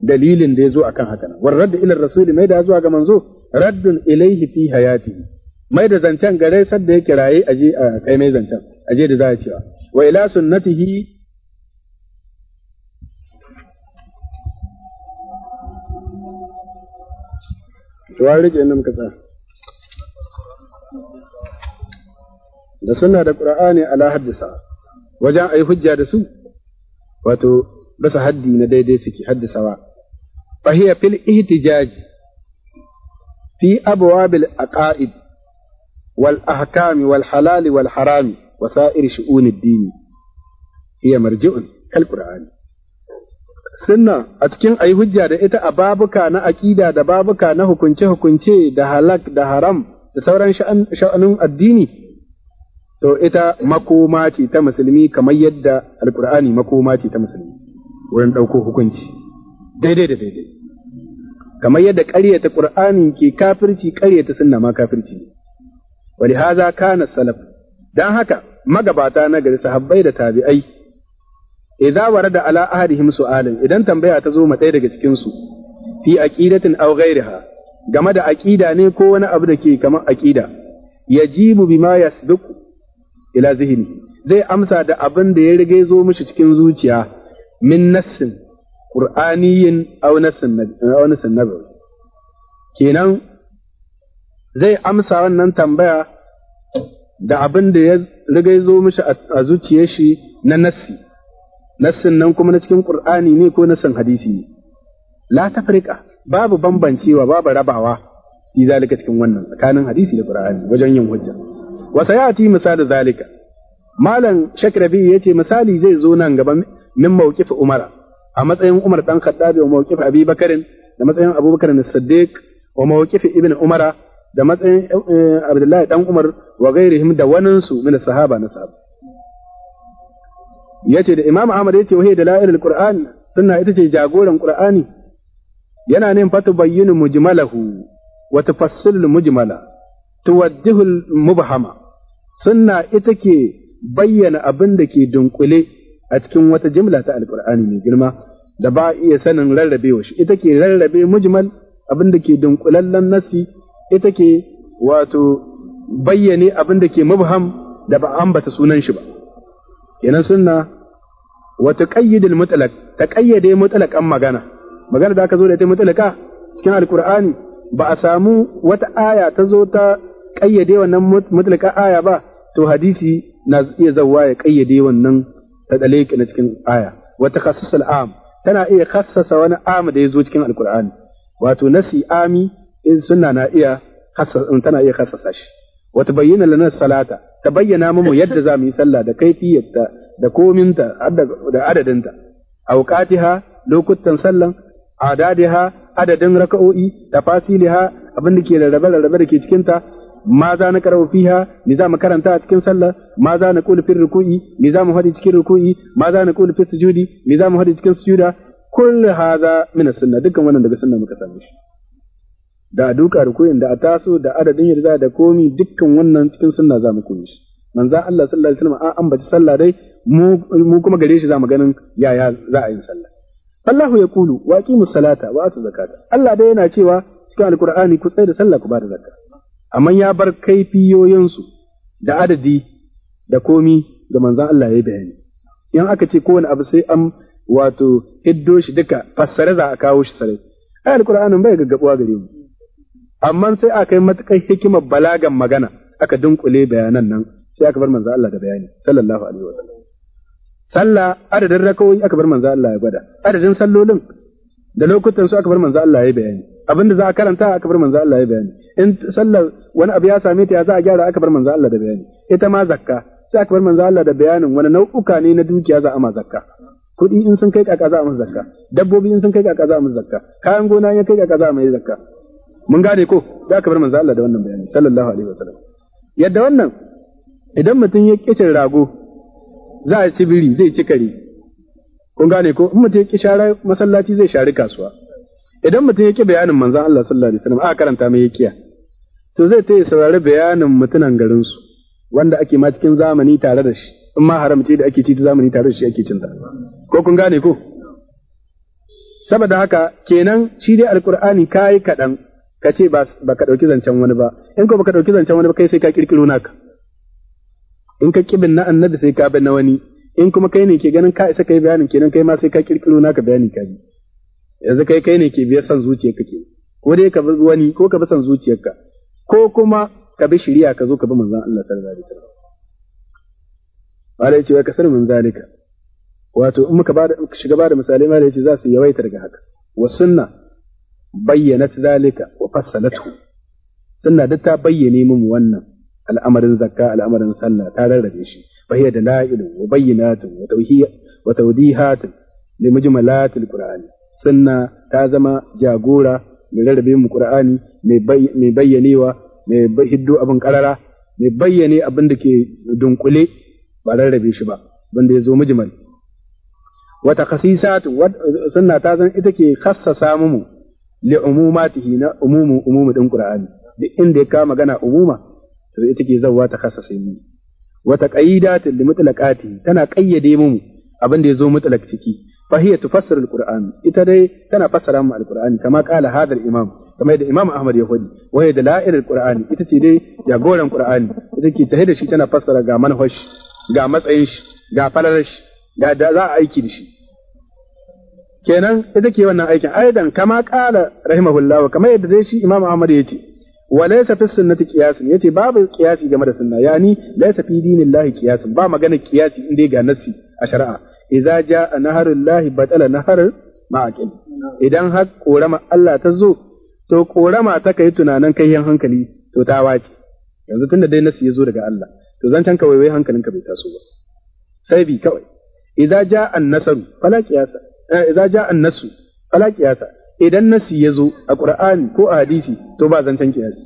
dalilin da ya zo akan haka nan warrad ila rasuli mai da zuwa ga manzo raddun ilaihi fi hayati mai da zancen gare da ya kiraye aje a kai mai zancen aje da za a cewa wa ila sunnatihi to an rike nan muka tsaya da sunna da qur'ani ala haddisa wajen yi hujja da su wato bisa haddi na daidai suke haddisawa فهي في الاحتجاج في ابواب الاقائد والاحكام والحلال والحرام وسائر شؤون الدين هي مرجع كالقران سنة أتكين أي حجة إتا أباب كان أكيدا دباب كان حكنش حكنش دهالك دهارم تصورا شأن شأن الديني تو إتا مكوماتي تمسلمي كما يد القرآن مكوماتي تمسلمي وين أوكو حكنش daidai da daidai kamar yadda ƙaryata ƙur'ani ke kafirci ƙaryata sunna ma kafirci wali haza kana salaf dan haka magabata na gari sahabbai da tabi'ai idza warada ala su su'alin idan tambaya ta zo ma ɗaya daga cikin su fi aqidatin aw raha. game da aƙida ne ko wani abu da ke kamar aqida yajibu bima yasbiq ila zihni zai amsa da abin da ya riga zo mishi cikin zuciya min qur'aniyin aw na nabawi kenan zai amsa wannan tambaya da abin da ya riga zo mishi a zuciyar shi na nassi nassin nan kuma na cikin qur'ani ne ko nassin hadisi ne la farika babu bambancewa babu rabawa fi zalika cikin wannan tsakanin hadisi da qur'ani wajen yin hujja wa sayati misal zalika malam shakrabi yace misali zai zo nan gaba min mawqif umara a matsayin Umar dan Khattabi wa mawqif Abi Bakarin da matsayin Abu Bakar Siddiq wa mawqif Ibn Umar, da matsayin eh, Abdullahi dan Umar wa gairihim da waninsu min sahaba na sahaba yace da Imam Ahmad yace wahai da la'ilul Qur'an sunna ita ce jagoran Qur'ani yana nin fatu bayyinu mujmalahu wa tafassul mujmala tuwaddihu mubhama sunna ita ke bayyana abin da ke dunkule a cikin wata jimla ta alkur'ani mai girma da ba iya sanin wa shi ita ke rarrabe mujmal abin da ke dunkulallen nassi ita ke wato bayyane abin da ke mubham da ba ambata sunan shi ba kenan sunna wa taqayyidul mutlaq taqayyade mutlaqan magana magana da aka zo da ita mutlaqa cikin alqur'ani ba a samu wata aya ta zo ta qayyade wannan mutlaqa aya ba to hadisi na iya zawa ya qayyade wannan ta na cikin aya wa takhassas am tana iya kassasa wani amu da ya zo cikin alkur'ani wato nasi ami in sunna na iya tana iya kassasa shi wata bayyana lana salata ta bayyana mu yadda za mu yi sallah da kaifiyarta da kominta da adadinta auqatiha lokutan sallan adadiha adadin raka'o'i da abin da ke rarrabe rarrabe da ke ta ma za na karau fiha me za mu karanta a cikin sallah ma za na qulu fil ruku'i me za mu hadi cikin ruku'i ma za na qulu fil sujudi me za mu hadi cikin sujuda kullu hadha min sunna dukkan wannan daga sunna muka samu shi da duka ruku'in da a taso da adadin yarda da komi dukkan wannan cikin sunna za mu koyi shi manzo Allah sallallahu alaihi wasallam an ambaci sallah dai mu kuma gare shi za mu ganin yaya za a yi sallah Allahu ya kulu wa aqimus salata wa atu zakata Allah dai yana cewa cikin alqur'ani ku tsaya da sallah ku ba da amma ya bar kaifiyoyinsu da adadi da komi ga manzan Allah ya bayani in aka ce kowane abu sai an wato hiddo shi duka fassare za a kawo shi sarai ai alqur'anin bai gaggabuwa gare mu amma sai aka yi matukar hikimar balagan magana aka dunkule bayanan nan sai aka bar manzan Allah da bayani sallallahu alaihi wa sallam sallah adadin rakawoyi aka bar manzan Allah ya gwada adadin sallolin da lokutan su aka bar manzo Allah ya bayani abinda za a karanta aka bar manzo Allah ya bayani in sallar wani abu ya same ta ya za a gyara aka bar manzo Allah da bayani ita ma zakka sai aka bar manzo Allah da bayanin wani nau'uka ne na dukiya za a ma zakka kuɗi in sun kai kaka za a musu zakka dabbobi in sun kai kaka za a musu zakka kayan gona in kai kaka za a ma zakka mun gane ko za aka bar manzo Allah da wannan bayani sallallahu alaihi wasallam yadda wannan idan mutum ya kicin rago za a ci biri zai ci kare kun gane ko in mutum ya ƙi share masallaci zai share kasuwa idan mutum ya ƙi bayanin manzon Allah sallallahu alaihi wasallam aka karanta mai yakiya to zai ta saurari bayanin mutunan garin su wanda ake ma cikin zamani tare da shi in ma haramci da ake ci ta zamani tare da shi ake cinta ko kun gane ko saboda haka kenan shi dai alkur'ani kai kaɗan ka ce ba ka ɗauki zancen wani ba in ko baka ɗauki zancen wani ba kai sai ka kirkiro naka in ka kibin na annabi sai ka bin na wani in kuma kai ne ke ganin ka isa kai bayanin kenan kai ma sai ka kirkiro naka bayani ka bi yanzu kai kai ne ke biyar san zuciyarka ke ko dai ka bi wani ko ka bi san zuciyarka ko kuma ka bi shari'a ka zo ka bi manzon Allah sallallahu alaihi wasallam malai ce wai ka sani zalika wato in muka bada shiga bada misalai malai ce za su yawaita daga haka wa sunna bayyanat zalika wa fassalatu sunna duk ta bayyane mu wannan al'amarin zakka al'amarin sallah ta rarrabe shi فهي دلائل وبينات وتوضيحات لمجملات القرآن سنة تازما جاغورا من ربي القرآن mai bayyanewa mai hiddo abin karara mai bayyane abin da ke dunkule ba rarrabe shi ba wata khasisatu sunna ta zan ita ke khassasa mu li umumatihi na umumu umumu din duk inda ya kama magana a to ita ke zawwa ta kasa mu wata taqayidatin li mutlaqati tana ƙayyade mu abin da zo mutlaq ciki fa hiya tufassiru alquran ita dai tana fassara mu alquran kama qala hadha imam kamar da imam ahmad ya faɗi waye da la'irar ƙur'ani ita ce dai jagoran qur'ani ita ke tahe shi tana fassara ga manhaj ga matsayin shi ga falalar shi ga da za a aiki da shi kenan ita ke wannan aikin aidan kama qala rahimahullah kamar yadda dai shi imam ahmad ya ce wa laysa fi sunnati qiyasun yace babu qiyasi game da sunna yani laysa fi dinillahi qiyasun ba magana qiyasi dai ga nasi a shari'a idza jaa naharullahi batala nahar ma'aqil idan har korama Allah ta zo to korama ta kai tunanin kai yan hankali to ta wace yanzu tunda dai nasi ya zo daga Allah to zan tanka waiwai hankalinka bai taso ba sai bi kawai idza jaa an-nasaru fala qiyasa eh, idza jaa an-nasu fala qiyasa idan nasi ya zo a ƙur'ani ko a hadisi to ba zan san kiyasi.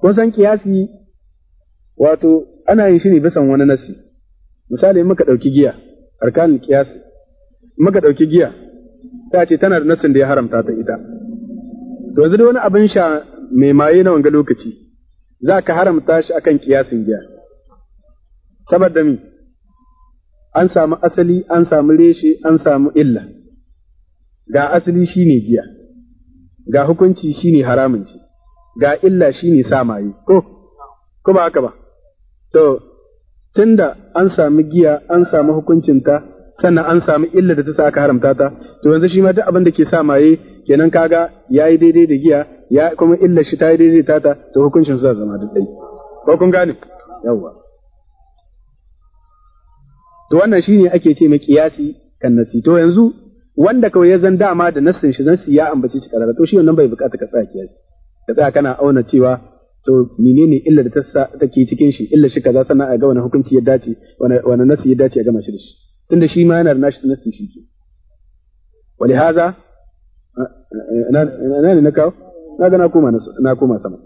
Kun san kiyasi wato ana yin shi ne bisan wani nasi. Misali muka ɗauki giya, arkanin kiyasi, muka ɗauki giya, ta ce tana da nasin da ya haramta ta ita. To yanzu wani abin sha mai maye na wanga lokaci, za ka haramta shi akan kiyasin giya. Saboda mi, an samu asali, an samu reshe, an samu illa. ga asali ne giya ga hukunci shi haramun ci ga illa shi sa maye ko ko ba haka ba to tunda an sami giya an sami hukuncinta sannan an sami illa da ta sa aka haramta ta to yanzu shi ma duk abin da ke sa maye kenan kaga ya yi daidai da giya ya kuma illa shi ta yi daidai ta ta to hukuncin sa zama duk ɗai. ko kun gane yawwa to wannan shi ne ake ce mai kiyasi kan nasi to yanzu wanda kawai ya zan dama da nassin shi zan ya ambaci shi karara to shi wannan bai bukata ka tsaya kiyasi ka tsaya kana auna cewa to menene illa da ta ke cikin shi illa shi kaza sannan a ga wani hukunci ya dace wani nassi ya dace a gama shi da shi tunda shi ma yana da nashi nassi shi ke ولهذا انا ne na kawo na ga na koma sama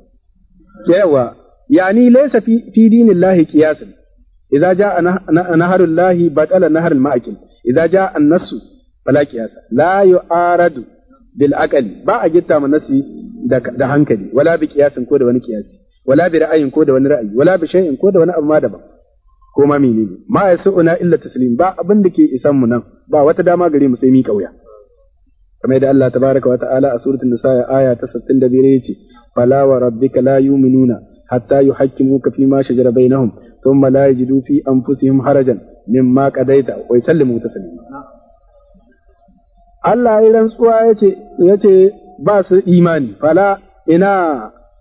yawa yani laysa fi fi dinillahi qiyasun idza jaa naharul lahi batala naharul ma'akil idza jaa an-nassu fala kiyasa la yu'aradu bil aqli ba a gitta manasi nasi da hankali wala bi kiyasin ko da wani kiyasi wala bi ra'ayin ko da wani ra'ayi wala bi shay'in ko da wani abu ma daban ko ma menene ma yasu'una illa taslim ba abin da ke isan mu nan ba wata dama gare mu sai mi kauya kamar da Allah tabaraka wa ta'ala a suratul nisa aya ta 65 yace fala wa rabbika la yu'minuna hatta yuhaqqimuka fi ma shajara bainahum thumma la yajidu fi anfusihim harajan mimma qadaita wa yusallimu taslima Allah ya rantsuwa ya ce ba su imani fala ina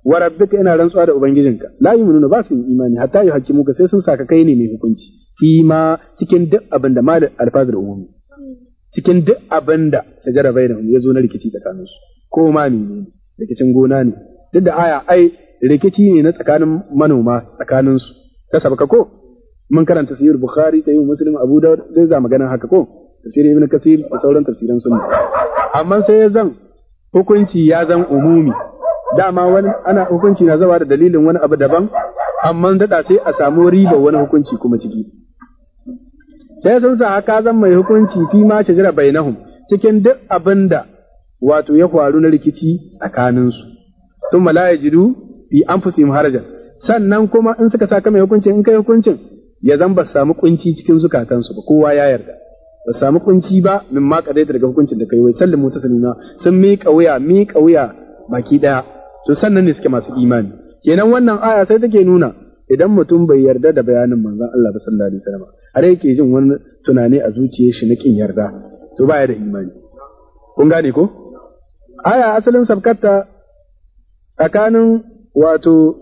wa rabbika ina rantsuwa da ubangijinka la yu'minuna ba su imani hatta yuhaqqimu ka sai sun saka kai ne mai hukunci fi ma cikin duk abin da mal alfazul umumi cikin duk abin da shajara bai da ya zo na rikici tsakanin su ko ma ne rikicin gona ne duk da aya ai rikici ne na tsakanin manoma tsakanin su ta sabaka ko mun karanta sayyid bukhari ta yi muslim abu dawud zai za magana haka ko tafsirin ibn kasir da sauran tafsiran sunna amma sai ya zan hukunci ya zan umumi dama wani ana hukunci na zawa da dalilin wani abu daban amma daɗa sai a samu riba wani hukunci kuma ciki sai sun sa haka zan mai hukunci fi ma shajara bainahum cikin duk abin da wato ya faru na rikici tsakaninsu sun mala jidu fi an harajan sannan kuma in suka saka mai hukuncin in kai hukuncin ya zan ba samu kunci cikin zukatansu ba kowa ya yarda ba samu kunci ba min ma kadai daga hukuncin da kai wai sallamu taslima sun miƙa wuya miƙa wuya baki daya to sannan ne suke masu imani kenan wannan aya sai take nuna idan mutum bai yarda da bayanin manzon Allah sallallahu alaihi wasallam har yake jin wani tunani a zuciyar shi na kin yarda to baya da imani kun gane ko aya asalin sabkata tsakanin wato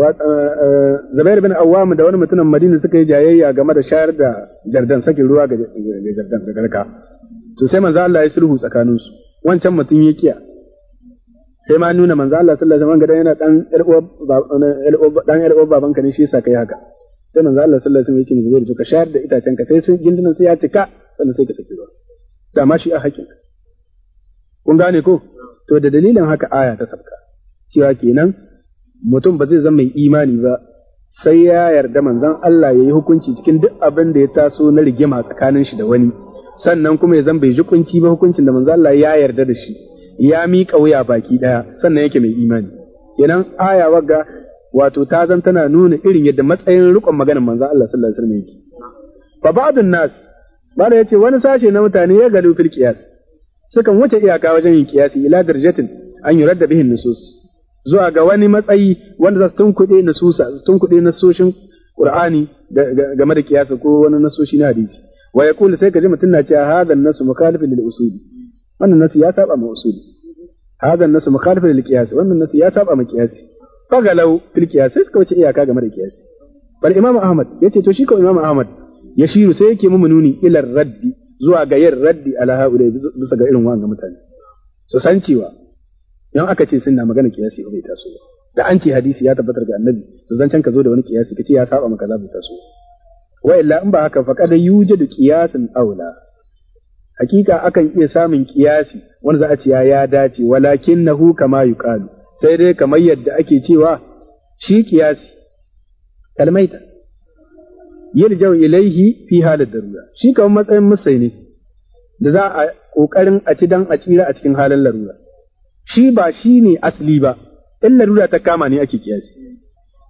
Eh, eh, Zubair bin Awwam da wani mutumin Madina suka yi jayayya game da shayar da jardan sakin ruwa ga jardan ga garka. To sai manzo Allah ya sulhu tsakaninsu Wancan mutum ya kiya. Sai ma nuna manzo Allah sallallahu alaihi wasallam yana dan dan yar uwar babanka ne shi yasa kai haka. Sai manzo Allah sallallahu alaihi wasallam ya ce Zubair ka shayar da itacen ka sai gindinan sai ya cika sannan sai ka saki ruwa. Da ma shi a hakin. Kun gane ko? To da dalilin haka aya ta sabka. Cewa kenan mutum ba zai zama mai imani ba sai ya yarda manzon Allah ya yi hukunci cikin duk abin da ya taso na rigima tsakanin shi da wani sannan kuma ya zama bai ji kunci ba hukuncin da manzon Allah ya yarda da shi ya miƙa wuya baki ɗaya sannan yake mai imani idan aya wagga wato ta zan tana nuna irin yadda matsayin rukun maganar manzon Allah sallallahu alaihi wasallam yake fa nas bada yace wani sashe na mutane ya gado fil qiyas sukan wuce iyaka wajen yin qiyasi ila darjatin an da bihin nusus zuwa ga wani matsayi wanda za su tunkuɗe nasusa su tunkuɗe nasoshin Qur'ani game da kiyasa ko wani na soshi na hadisi wa yaqulu sai ka ji mutum na cewa hadha nasu mukhalifun lil usuli wannan nasu ya saba ma usuli hadha nasu mukhalifun da qiyas wannan nasu ya saba ma qiyasi fagalau fil qiyas sai suka wuce iyaka game da qiyasi bal imam ahmad ya ce to shi ko imam ahmad ya shiru sai yake mu nuni ila raddi zuwa ga yin raddi ala haula bisa ga irin wa'anga mutane su san cewa Idan aka ce sunna magana kiyasi ba bai taso Da an ce hadisi ya tabbatar ga annabi to zancen ka zo da wani kiyasi kace ya saba maka za bai taso. Wa illa in ba haka faqad yujadu qiyasun aula. Hakika akan iya samun kiyasi wanda za a ce ya dace walakinnahu kama yuqalu. Sai dai kamar yadda ake cewa shi kiyasi kalmaita yalja ilaihi fi halin darura shi kamar matsayin musaini da za a kokarin a ci dan a tsira a cikin halin larura shi ba shi ne asali ba in larura ta kama ne ake kiyasi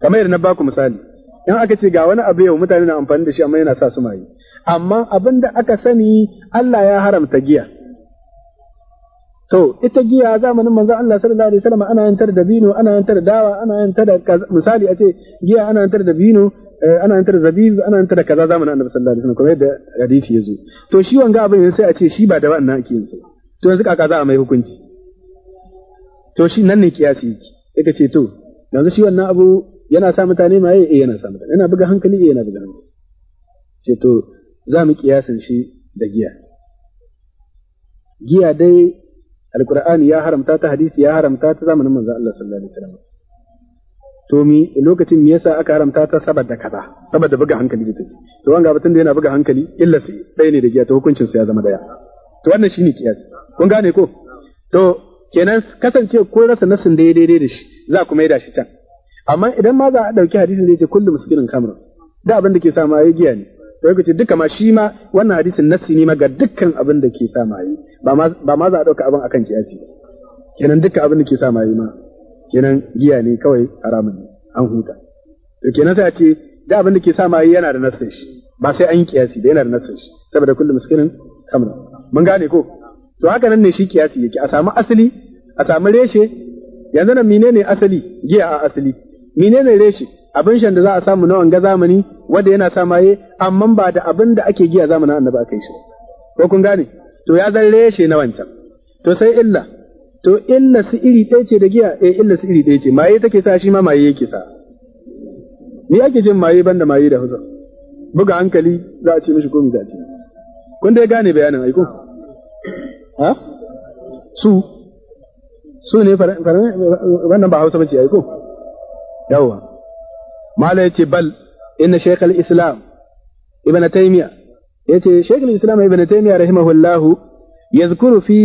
kamar yadda na baku misali in aka ce ga wani abu yau mutane na amfani da shi amma yana sa su maye amma abin da aka sani Allah ya haramta giya to ita giya zamanin manzo Allah sallallahu alaihi wasallam ana yantar da bino ana yantar da dawa ana yantar da misali a ce giya ana yantar da bino eh, ana yantar da zabib ana yantar da kaza zamanin annabi sallallahu alaihi wasallam kuma yadda hadisi zo. to shi wanga abin sai a ce shi ba da wannan ake yin su to yanzu kaka za a mai hukunci to shi nan ne kiyasi yake yake ce to yanzu shi wannan abu yana sa mutane ma yayi eh, yana sa mutane yana buga hankali eh yana buga hankali ce to za mu kiyasin shi da giya giya dai alqur'ani ya haramta ta hadisi ya haramta ta zamanin manzon Allah sallallahu alaihi wasallam to mi lokacin me yasa aka haramta ta saboda kaza saboda buga hankali da take to wanga batun da yana buga hankali illa sai ɗaya ne da giya to hukuncin sa ya zama daya to wannan shine kiyasi kun gane ko to kenan kasance ko rasa nasin da ya daidai da shi za ku maida shi can amma idan ma za a ɗauki hadisin da ya ce kullum muskinin kamar da abin da ke sa maye giya ne to yake ce duka ma shi ma wannan hadisin nasi ne ga dukkan abin da ke sa maye ba ma za a ɗauka abin akan kiyasi kenan duka abin da ke sa maye ma kenan giya ne kawai haramun ne an huta to kenan sai a ce da abin da ke sa maye yana da nasin shi ba sai an yi kiyasi da yana da nasin shi saboda kullum muskinin kamar mun gane ko to haka nan ne shi kiyasi yake a samu asali a samu reshe yanzu nan menene asali giya a asali menene reshe abin shan da za a samu na wanga zamani wanda yana sa maye amma ba da abin da ake giya zamanin annabi aka yi shi ko kun gane to ya zan reshe na wancan to sai illa to illa su iri ɗaya ce da giya eh illa su iri ɗaya ce maye take sa shi ma maye yake sa ni ake jin maye banda maye da huzur buga hankali za a ce mishi ko mu ce kun dai gane bayanin aiko ha su su ne wannan ba hausa bace ai ko yawa mala yace bal inna shaykh al-islam ibn taymiya yace shaykh al-islam ibn taymiya rahimahullah yadhkuru fi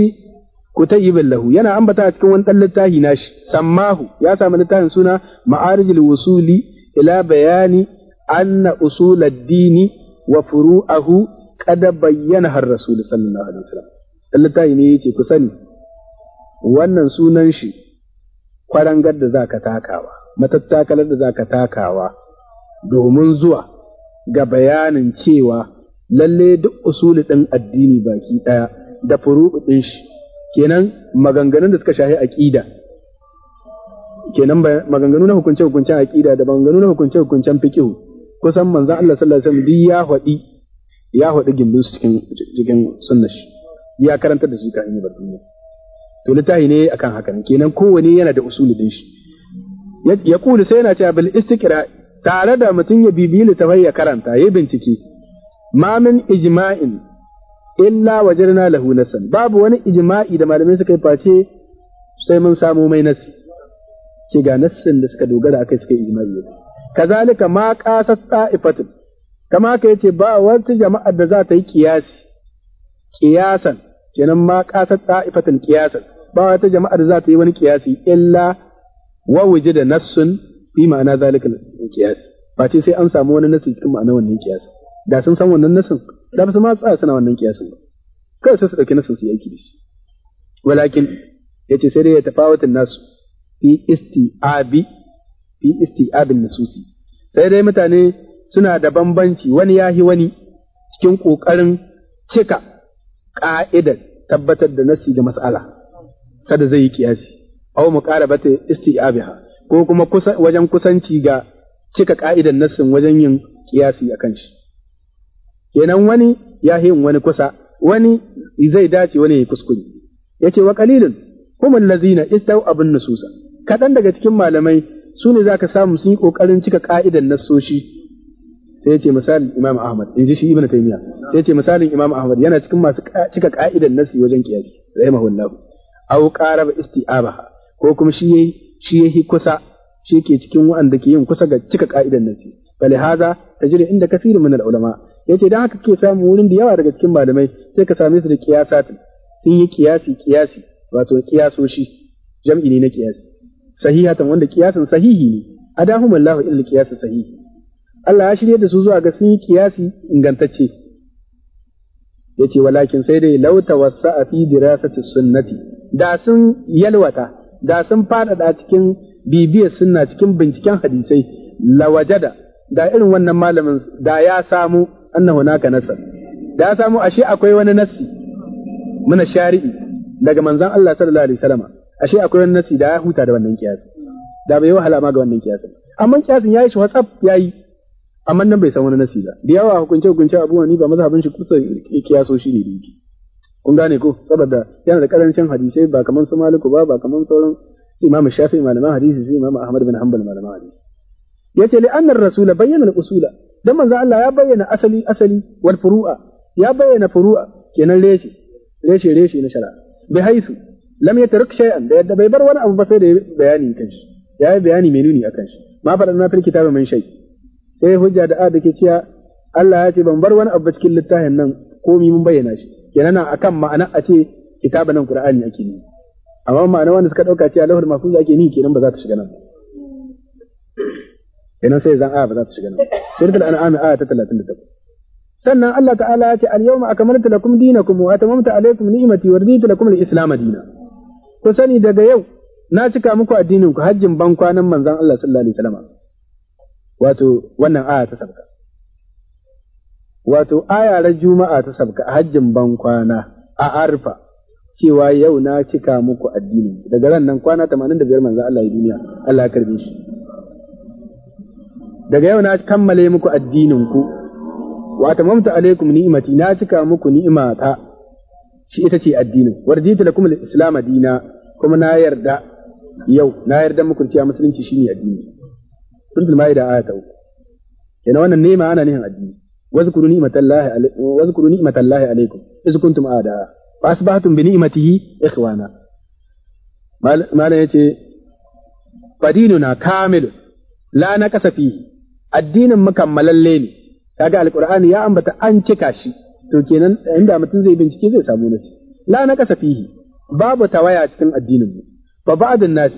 kutayib lahu yana ambata a cikin wani dan littafi nashi sammahu ya samu littafin suna ma'arijul wusuli ila bayani anna usul ad-dini wa furu'ahu qad bayyana har rasul sallallahu alaihi wasallam dan littafi ne ce ku sani wannan sunan shi kwarangar da za ka takawa matattakalar da za ka takawa domin zuwa ga bayanin cewa lalle duk usuli ɗin addini baki ɗaya da furuɗin ɗin shi kenan maganganun da suka shahi aƙida kenan maganganu na hukunce hukuncen aƙida da maganganu na hukunce hukuncen fiqh kusan manzon Allah sallallahu alaihi wasallam duk ya faɗi ya faɗi gindin cikin cikin sunnar shi ya karantar da shi kafin ya bar duniya to littafi ne akan hakan kenan kowane yana da usulin shi ya kulu sai yana cewa bil istiqra tare da mutum ya bibiyi littafai ya karanta ya bincike ma min ijma'in illa wajarna lahu nasan babu wani ijma'i da malamai suka yi face sai mun samu mai nasi ce ga nassin da suka dogara kai suka yi ijma'i kazalika ma qasat ta'ifatun kama ka yace ba wata jama'ar da za ta yi kiyasi Kiyasan kenan ma kasar ta'ifatan kiyasan. ba wata jama'ar za ta yi wani kiyasi illa wa wujida nassun bi ma'ana zalikal kiyasi. ba ce sai an samu wani nassi cikin ma'ana wannan kiyasi da sun san wannan nassin da su ma tsaya suna wannan kiyasin ba kai sai su dauki nassin su yi aiki da shi walakin yace sai dai ya tafawatin nasu fi isti'abi fi isti'abin nasusi sai dai mutane suna da bambanci wani yahi wani cikin ƙoƙarin cika Ka'idar tabbatar da nasi da mas'ala sada zai yi kiyasi aw muqarabata isti'abiha ko kuma wajen kusanci ga cika ƙa'idar nassin wajen yin kiyasi akan shi kenan wani ya yin wani kusa wani zai dace wani ya kuskure yace wa qalilun humul ladzina istaw abun nususa kadan daga cikin malamai su ne zaka samu sun yi kokarin cika ƙa'idar nassoshi sai yace misalin Imam Ahmad in ji shi Ibn Taymiyyah sai yace misalin Imam Ahmad yana cikin masu cika ka'idan nasi wajen kiyasi. rahimahullah aw qarab isti'abaha ko kuma shi yayi shi yayi kusa shi ke cikin waɗanda ke yin kusa ga cika ka'idan nasi bali haza tajri inda kafirin min al-ulama yace dan haka ke samu wurin da yawa daga cikin malamai sai ka same su da qiyasatin sun yi qiyasi qiyasi wato qiyasoshi jam'i ne na qiyasi sahihatan wanda qiyasin sahihi ne adahumullahu illa qiyasin sahihi Allah ya shirye da su zuwa ga sun yi kiyasi ingantacce ya ce walakin sai dai lauta law a fi dirasati sunnati da sun yalwata da sun faɗaɗa cikin bibiyar sunna cikin binciken hadisai lawajada da irin wannan malamin da ya samu annahu naka nasar da ya samu ashe akwai wani nassi muna shari'i daga manzan Allah sallallahu alaihi wasallam ashe akwai wani nassi da ya huta da wannan kiyasi da bai wahala ma ga wannan kiyasin amma kiyasin yi shi ya yi. amma nan bai san wani nasi ba da yawa hukunce hukunce abu wani ba mazhabin shi kusa kiyaso shi ne dinki kun gane ko saboda yana da karancin hadisai ba kaman su maliku ba ba kaman sauran imamu shafi malaman hadisi sai imamu ahmad bin hanbal malaman hadisi yace li ar rasul bayyana usula dan manzo Allah ya bayyana asali asali wal furu'a ya bayyana furu'a kenan reshe reshe reshe na shara. bi haythu lam yatruk shay'an da yadda bai bar wani abu ba sai da bayani kan shi yayi bayani menene akan shi ma faɗa na fil kitabi min shay'in sai hujja da Adake ke cewa Allah ya ce ban bar wani abu cikin littafin nan komi mun bayyana shi kenan akan ma'ana a ce kitabun nan Qur'ani ake ne amma ma'ana wanda suka dauka cewa lahul mahfuz ake ni kenan ba za ta shiga nan kenan sai zan aya ba za ta shiga nan suratul an'am aya ta 38 sannan Allah ta'ala ya ce al-yawma akmaltu lakum dinakum wa atamamtu alaykum ni'mati wa raditu lakum al-islam dina ku sani daga yau na cika muku addinin ku hajjin ban kwanan manzon Allah sallallahu alaihi wasallam wato wannan aya ta sabka wato aya juma'a ta sabka hajjin ban kwana a arfa cewa yau na cika muku addini daga ran nan kwana 85 manzo Allah ya duniya Allah ya karbe shi daga yau na kammale muku addinin ku wa tamamtu alaikum ni'imati na cika muku ni'imata shi ita ce addinin warjitu lakum al-islam dina kuma na yarda yau na yarda muku cewa musulunci shine addini suratul maida aya ta uku wannan nema ana nihin addini wazkuru ni'matallahi alaikum wazkuru ni'matallahi alaikum iz kuntum a'daa fa asbahtum bi ni'matihi ikhwana malam yace fadinuna kamil la naqasa fihi addinin mukammalalle ne kaga alqur'ani ya ambata an cika shi to kenan inda mutum zai bincike zai samu nasi la naqasa fihi babu tawaya cikin addinin mu fa ba'dun nasi,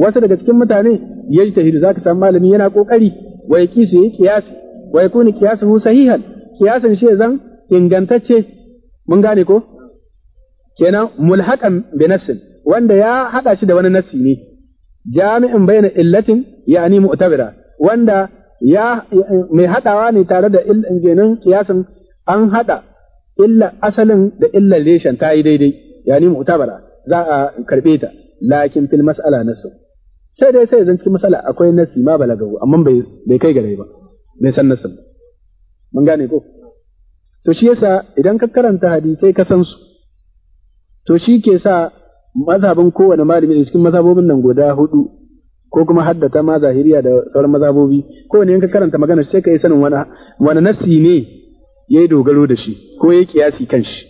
wasu daga cikin mutane ya ji za ka samu malami yana kokari wa yaqisu yi kiyasi wa kiyasi qiyasuhu sahihan Kiyasin shi zan ingantacce mun gane ko kenan mulhaqan bi nassin wanda ya haɗa shi da wani nassi ne jami'in bayna illatin yani mu'tabira wanda ya mai haɗawa ne tare da ingenin kiyasin an haɗa illa asalin da illar reshen ta yi daidai yani mu'tabara za a karɓe ta lakin fil mas'ala nasu sai dai sai zan cikin mas'ala akwai nasi ma balagahu amma bai bai kai gare ba bai san nasu mun gane ko to shi yasa idan ka karanta hadisai ka san su to shi ke sa mazhabin kowane malami da cikin mazhabobin nan guda hudu ko kuma haddata ma zahiriya da sauran mazhabobi kowane in ka karanta magana sai ka yi sanin wani wani nasi ne ya yi dogaro da shi ko ya yi kiyasi kan shi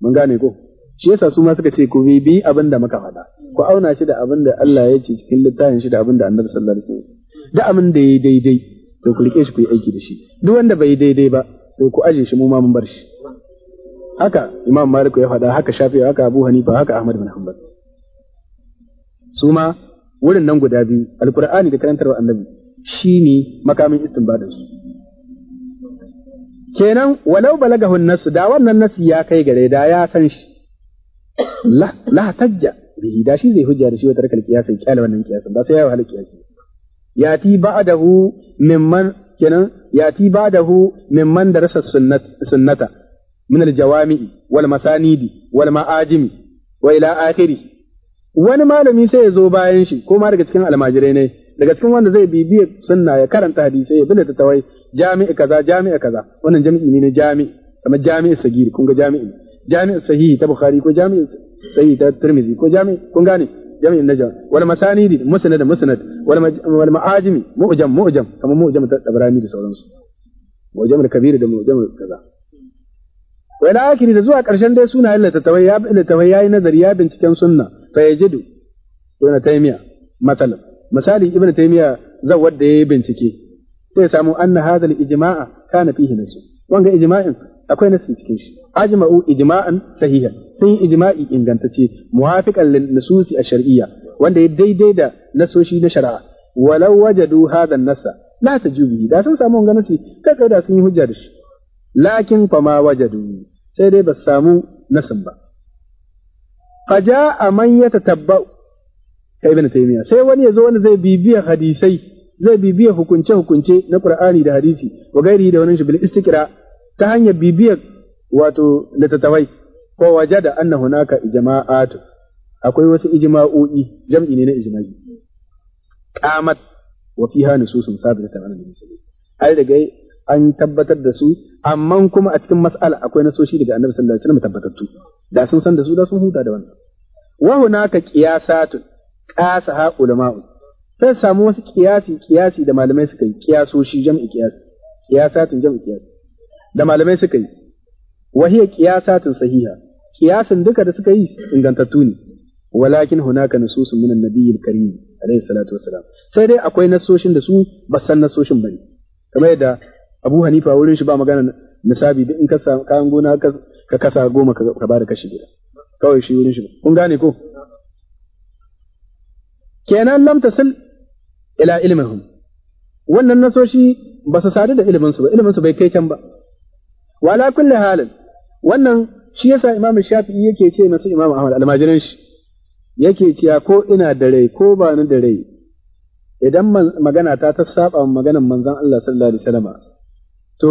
mun gane ko shi yasa su ma suka ce ku bi abin da muka faɗa ku auna shi da abin da Allah ya ce cikin littafin shi da abin da Annabi sallallahu alaihi wasallam da abin da yayi daidai to ku rike shi ku yi aiki da shi duk wanda bai daidai ba to ku aje shi mu ma mun bar shi haka Imam Malik ya faɗa haka Shafi haka Abu Hanifa haka Ahmad bin Hanbal su ma wurin nan guda biyu alkur'ani da karantarwa annabi shine makamin istinbadin su kenan walau balagahun nasu da wannan nasu ya kai gare da ya san shi la tajja bihi da shi zai hujja da shi wa tarkal qiyas ya kyale wannan qiyasin ba sai ya wahala qiyasi yati ba'dahu mimman kenan yati ba'dahu mimman darasa sunnat sunnata min al-jawami'i wal masanidi wal ma'ajimi wa ila akhiri wani malami sai ya zo bayan shi ko ma daga cikin almajirai ne daga cikin wanda zai bibiye sunna ya karanta hadisai ya bilata tawai jami'i kaza jami'i kaza wannan jami'i ne na jami'i kamar jami'i sagiri kun ga jami'i jami'in sahihi ta bukhari ko jami'in sahihi ta tirmidhi ko jami'in kun gane jami'in najwa wal masanidi musnad musnad wal ma'ajimi mu'jam mu'jam kamar mu'jam ta tabrani da sauransu mu'jam da kabir da mu'jam kaza wa ila akiri da zuwa karshen dai suna ta littattafai ya littattafai yayi nazari ya binciken sunna fa yajidu ibn taymiya masalan misali ibn taymiya zan wadda yayi bincike sai samu anna hadha al-ijma'a kana fihi nasu wanga ijma'in akwai nasi cikin shi ajma'u ijma'an sahiha sun yi ijma'i ingantacce muwafiqan lin nususi ash-shar'iyya wanda ya daidai da nasoshi na shari'a walau wajadu hadha an-nasa la tajubi da sun samu wannan nasi kai kai da sun yi hujja da shi lakin fa ma wajadu sai dai ba samu nasin ba faja a man ya tattabba'u ta ibn taymiya sai wani ya zo wani zai bibiya hadisai zai bibiya hukunce hukunce na qur'ani da hadisi wa gairi da wani shi bil istiqra ta hanyar bibiyar wato littattafai waje da anna hunaka ijma'atu akwai wasu ijma'o'i jam'i ne na ijma'i qamat wa fiha nususun sabitatan an annabi ai daga an tabbatar da su amma kuma a cikin mas'ala akwai nasoshi daga annabi sallallahu alaihi wasallam tabbatattu da sun san da su da sun huta da wannan wa hunaka qiyasatun qasa ha ulama'u sai samu wasu qiyasi qiyasi da malamai suka yi qiyasoshi jam'i qiyas qiyasatun jam'i qiyas da malamai suka yi wa hiya qiyasatun sahiha qiyasin duka da suka yi ingantattu ne walakin hunaka nususun min annabiyil karim alayhi salatu wassalam sai dai akwai nasoshin da su ba san nasoshin bane kamar yadda Abu Hanifa wurin shi ba magana nisabi duk in ka samu kayan gona ka kasa goma ka bada kashi gida kawai shi wurin shi kun gane ko kenan lam tasil ila ilmihim wannan nasoshi ba su sadu da ilminsu ba ilminsu bai kai can ba wala kulli halin wannan shi yasa imamu shafi'i yake ce masu imamu ahmad almajiran shi yake cewa ko ina da rai ko ba ni da rai idan magana ta ta saba maganan manzon Allah sallallahu alaihi wasallam to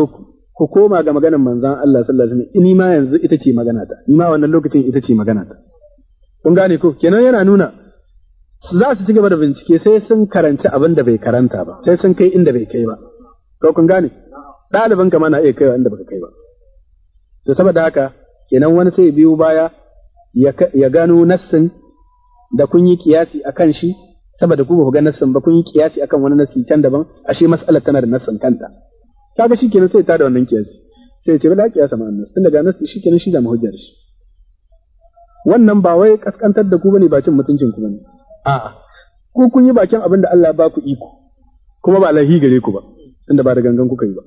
ku koma ga maganan manzon Allah sallallahu alaihi wasallam ni ma yanzu ita ce magana ta ni ma wannan lokacin ita ce magana ta kun gane ko kenan yana nuna za su ci gaba da bincike sai sun karanci abin da bai karanta ba sai sun kai inda bai kai ba to kun gane ɗaliban ka ma na iya inda baka kai ba to saboda haka kenan wani sai biyu baya ya gano nassin da kun yi kiyasi a kan shi saboda ku ba ku ga nassin ba kun yi kiyasi akan wani nassi can daban ashe mas'alar tana da nassin kanta kaga shi kenan sai ta da wannan kiyasi sai ce bala kiyasa ma annas tunda ga nassi shi kenan shi da mahujjar shi wannan ba wai kaskantar da ku bane ba cin mutuncin ku bane a'a ku kun yi bakin abin da Allah ba ku iko kuma ba lahi gare ku ba tunda ba da gangan kuka yi ba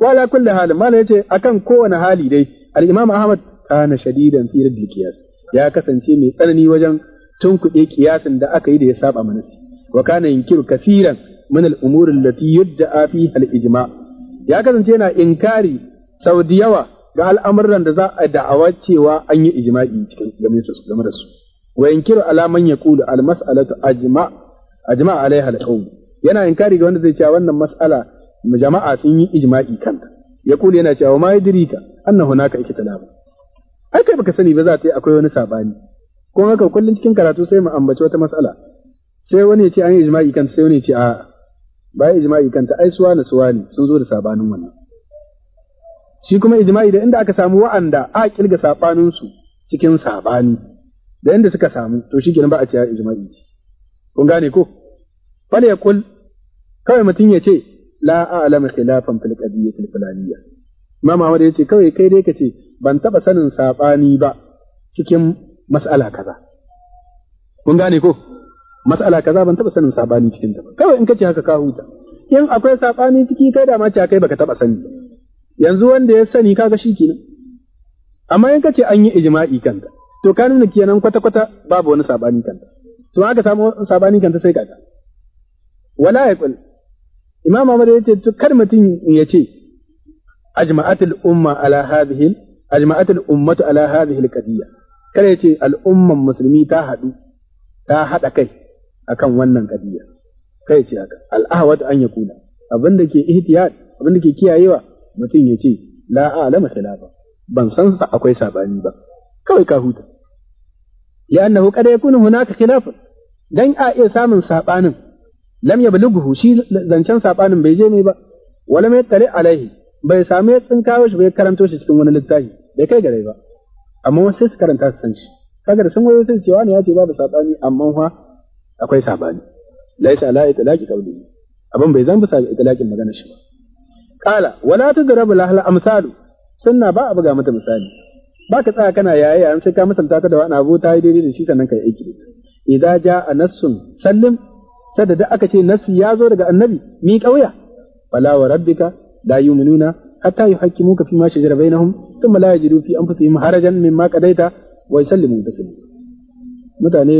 wala kulli halin malam yace akan kowane hali dai al ahmad kana shadidan fi da qiyas ya kasance mai tsanani wajen tunkuɗe kiyasin da aka yi da ya saba manasi wa kana yunkiru kasiran min al-umur allati yudda'a fiha al-ijma ya kasance yana inkari sau da yawa ga al'amuran da za a da'awa cewa an yi ijma'i cikin game su da su wa Yankiru ala man yaqulu al-mas'alatu ajma ajma alaiha al-qawm yana inkari ga wanda zai cewa wannan mas'ala jama'a sun yi ijma'i kanta Ya kuli yana cewa ma yadrika anna hunaka ikhtilaf ai kai baka sani ba za ta yi akwai wani sabani ko haka kullun cikin karatu sai mu ambaci wata mas'ala sai wani ya ce an yi ijma'i kanta sai wani ya ce a ba ijma'i kanta ai suwa na suwa ne sun zo da sabanin wannan shi kuma ijma'i da inda aka samu wa'anda a kirga sabanin su cikin sabani da inda suka samu to shi ba a ce ijma'i ce kun gane ko fal yaqul kawai mutum ya ce la a'lamu khilafan fil qadiyyati al fulaniyya mama wanda yace kawai kai dai kace ban taba sanin sabani ba cikin mas'ala kaza kun gane ko mas'ala kaza ban taba sanin sabani cikin ta kawai in kace haka ka huta in akwai sabani ciki kai da ma kai baka taba sani yanzu wanda ya sani kaga shikenan amma in kace an yi ijma'i kanta to ka nuna kenan kwata kwata babu wani sabani kanta to haka samu sabani kanta sai kaga wala yaqul imam Ahmad ya ce kar mutum ya ce ajma'atul umma ala hadhihi ajma'atul ummatu ala hadhihi alqadiyya kar ya ce al'umman musulmi ta hadu ta hada kai akan wannan qadiyya kai ce haka al'ahwat an yakuna abin da ke ihtiyat abin ke kiyayewa mutum ya ce la a'lamu khilafa ban san sa akwai sabani ba kawai ka huta li'annahu qad yakunu hunaka khilafun dan a iya samun sabanin lam yablughu shi zancen sabanin bai je ne ba wala mai tare alaihi bai same ya tsinkawo shi bai karanto shi cikin wani littafi bai kai gare ba amma wasu sai su karanta su san shi kaga da sun wayo sai cewa ne ya ce babu sabani amma fa akwai sabani laisa la itlaqi qawli abin bai zan bisa itlaqin magana shi ba qala wala tudrabu lahal amsalu sunna ba a buga mata misali ba ka tsaya kana yaye yayin sai ka misalta ka da wani abu ta yi daidai da shi sannan ka yi aiki idan ja a sallim sai da aka ce nasi ya zo daga annabi mi kauya wala wa rabbika la yu'minuna hatta yuhaqqimuka fi ma shajara bainahum thumma la yajidu fi anfusihim harajan mimma qadaita wa yusallimu taslima mutane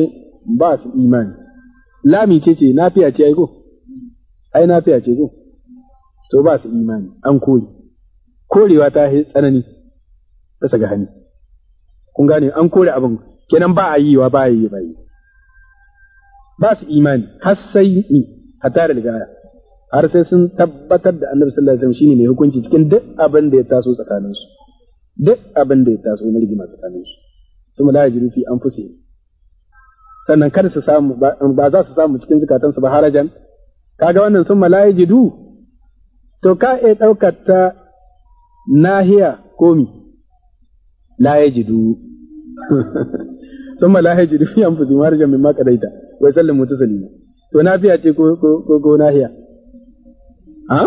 ba su imani lami ce ce nafiya ce ai ko ai nafiya ce ko to ba su imani an kore korewa ta yi tsanani ta ga hani kun gane an kore abin kenan ba a yi wa ba a yi ba yi ba su imani har sai ni tare da gaya har sai sun tabbatar da annabi sallallahu alaihi wasallam shine mai hukunci cikin duk abin da ya taso tsakaninsu duk abin da ya taso na rigima su sun la yajri fi anfusihim sannan kada su samu ba za su samu cikin su ba harajan kaga wannan sun la yajidu to ka e daukar ta nahiya komi la yajidu sun la yajidu fi anfusihim harajan mimma qadaita mutu sallimu ne to fiya ce ko ko ko nahiya ha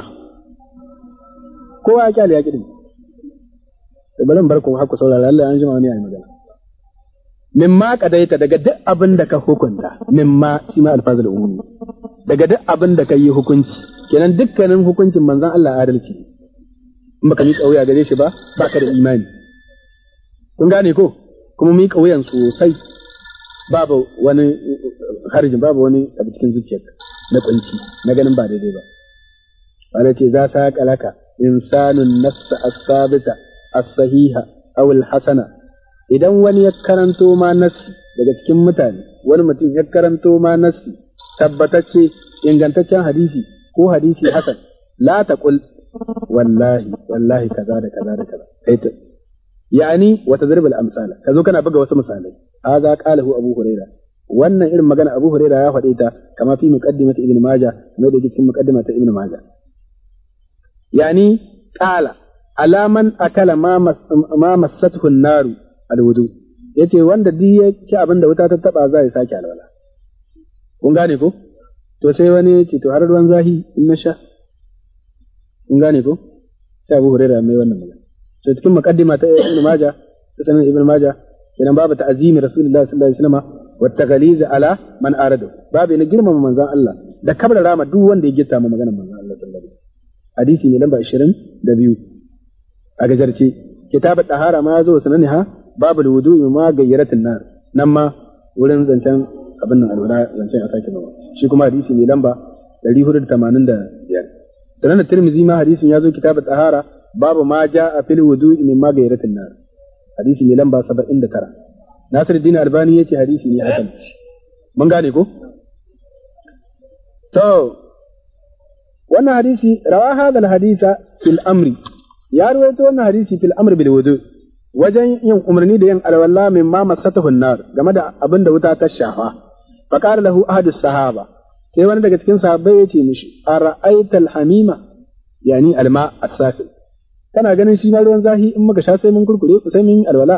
kowa ya kyale ya kidi to bari bar ku haku saurara Allah an jima wani yi magana mimma kadaita daga duk abin da ka hukunta mimma shi ma alfazul umumi daga duk abin da ka yi hukunci kenan dukkanin hukuncin manzon Allah adalci in baka yi wuya gare shi ba baka da imani kun gane ko kuma yi wuyan sosai babu wani harjin babu wani abu cikin zuciyar na kunci na ganin ba daidai ba wala ce za ta kalaka insanun nafsa Asabita, sabita as-sahiha aw al-hasana idan wani ya karanto ma nasi daga cikin mutane wani mutum ya karanto ma nasi tabbatacce ingantaccen hadisi ko hadisi hasan la taqul wallahi wallahi kaza da kaza da kaza yani wata tadribul amsal ka zo kana buga wasu misalai hadha qalahu abu huraira wannan irin magana abu huraira ya faɗe ta kama fi muqaddimati ibn majah mai da cikin muqaddimati ibn majah yani qala alaman akala ma ma massathu naru alwudu yace wanda duk ya ci abin da wuta ta taba za ya sake alwala kun gane ko to sai wani ya ce to har ruwan zahi in na sha kun gane ko sai abu huraira mai wannan magana da cikin muqaddima ta Ibn Majah ta sanin Ibn Majah idan babu ta'zimi Rasulullahi sallallahu alaihi wasallam wa taghliz ala man arada babu na girmama manzon Allah da kabra rama duk wanda ya gitta mu maganar manzon Allah sallallahu alaihi wasallam hadisi ne lamba 22 a gajarce kitabu tahara ma yazo sanani ha babu wudu ma gayyaratin nas nan ma wurin zancen abin nan alwala zancen a sake nawa shi kuma hadisi ne lamba 485 sanan da Tirmidhi ma hadisin yazo kitabu tahara babu ma ja jaa fil wudu'i min ma gairatin nas hadisi ne lamba 79 Nasiruddin Albani yace hadisi ne hasan mun gane ko to wannan hadisi rawa hadal hadisa fil amri ya rawaito wannan hadisi fil amri bil wudu wajen yin umarni da yin alwala min ma masatahu nar game da abinda wuta ta shafa fa qala lahu ahadus sahaba sai wani daga cikin sahabbai yace mishi ara'aital hamima yani alma as-safi kana ganin shi ma ruwan zahi in muka sha sai mun kurkure sai mun alwala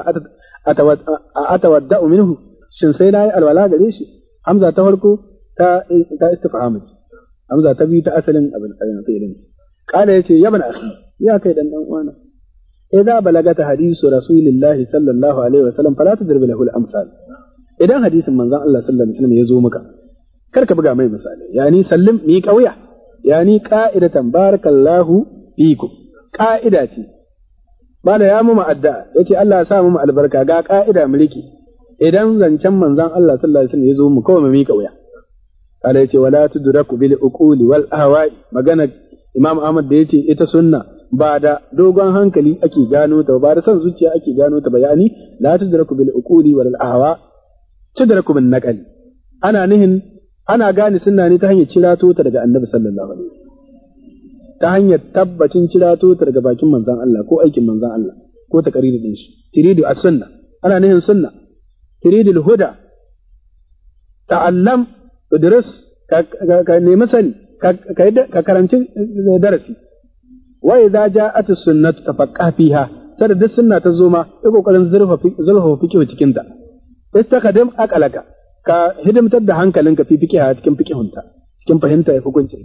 a tawadda'u minhu shin sai nayi alwala gare shi hamza ta farko ta ta istifhamu hamza ta biyu ta asalin abin ayyana fi'ilin qala yace ya ban akhi ya kai dan dan uwana idza balagata hadisu rasulillahi sallallahu alaihi wasallam fala tadrib lahu al-amsal idan hadisin manzon Allah sallallahu alaihi wasallam ya zo maka kar ka buga mai misali yani sallim mi kauya yani qa'idatan barakallahu fikum ƙa'ida ce bala ya mu ma'adda yace Allah ya sa mu albarka ga ƙa'ida mu rike idan zancen manzon Allah sallallahu alaihi wasallam ya zo mu kawai mu miƙa wuya Allah yace wala tudraku bil uquli wal ahwa'i magana Imam Ahmad da yace ita sunna ba da dogon hankali ake gano ta ba da son zuciya ake gano ta bayani la tudraku bil uquli wal ahwa tudraku bin naqali ana nihin ana gane sunna ne ta hanyar cirato ta daga Annabi sallallahu alaihi wasallam ta hanyar tabbacin cirato ta daga bakin manzan Allah ko aikin manzan Allah ko ta ƙari din shi tiridu a sunna ana nihin sunna tiridu huda ta'allam idris ka nemi sani ka karanci eh, darasi wa idza ja'at as-sunnatu tafaqqa fiha Sada duk sunna ta zo ma yi kokarin zurfafa fikihu cikin ta istaqadim aqalaka ka hidimtar da hankalinka fi fikiha cikin fikihunta cikin fahimta ya hukunci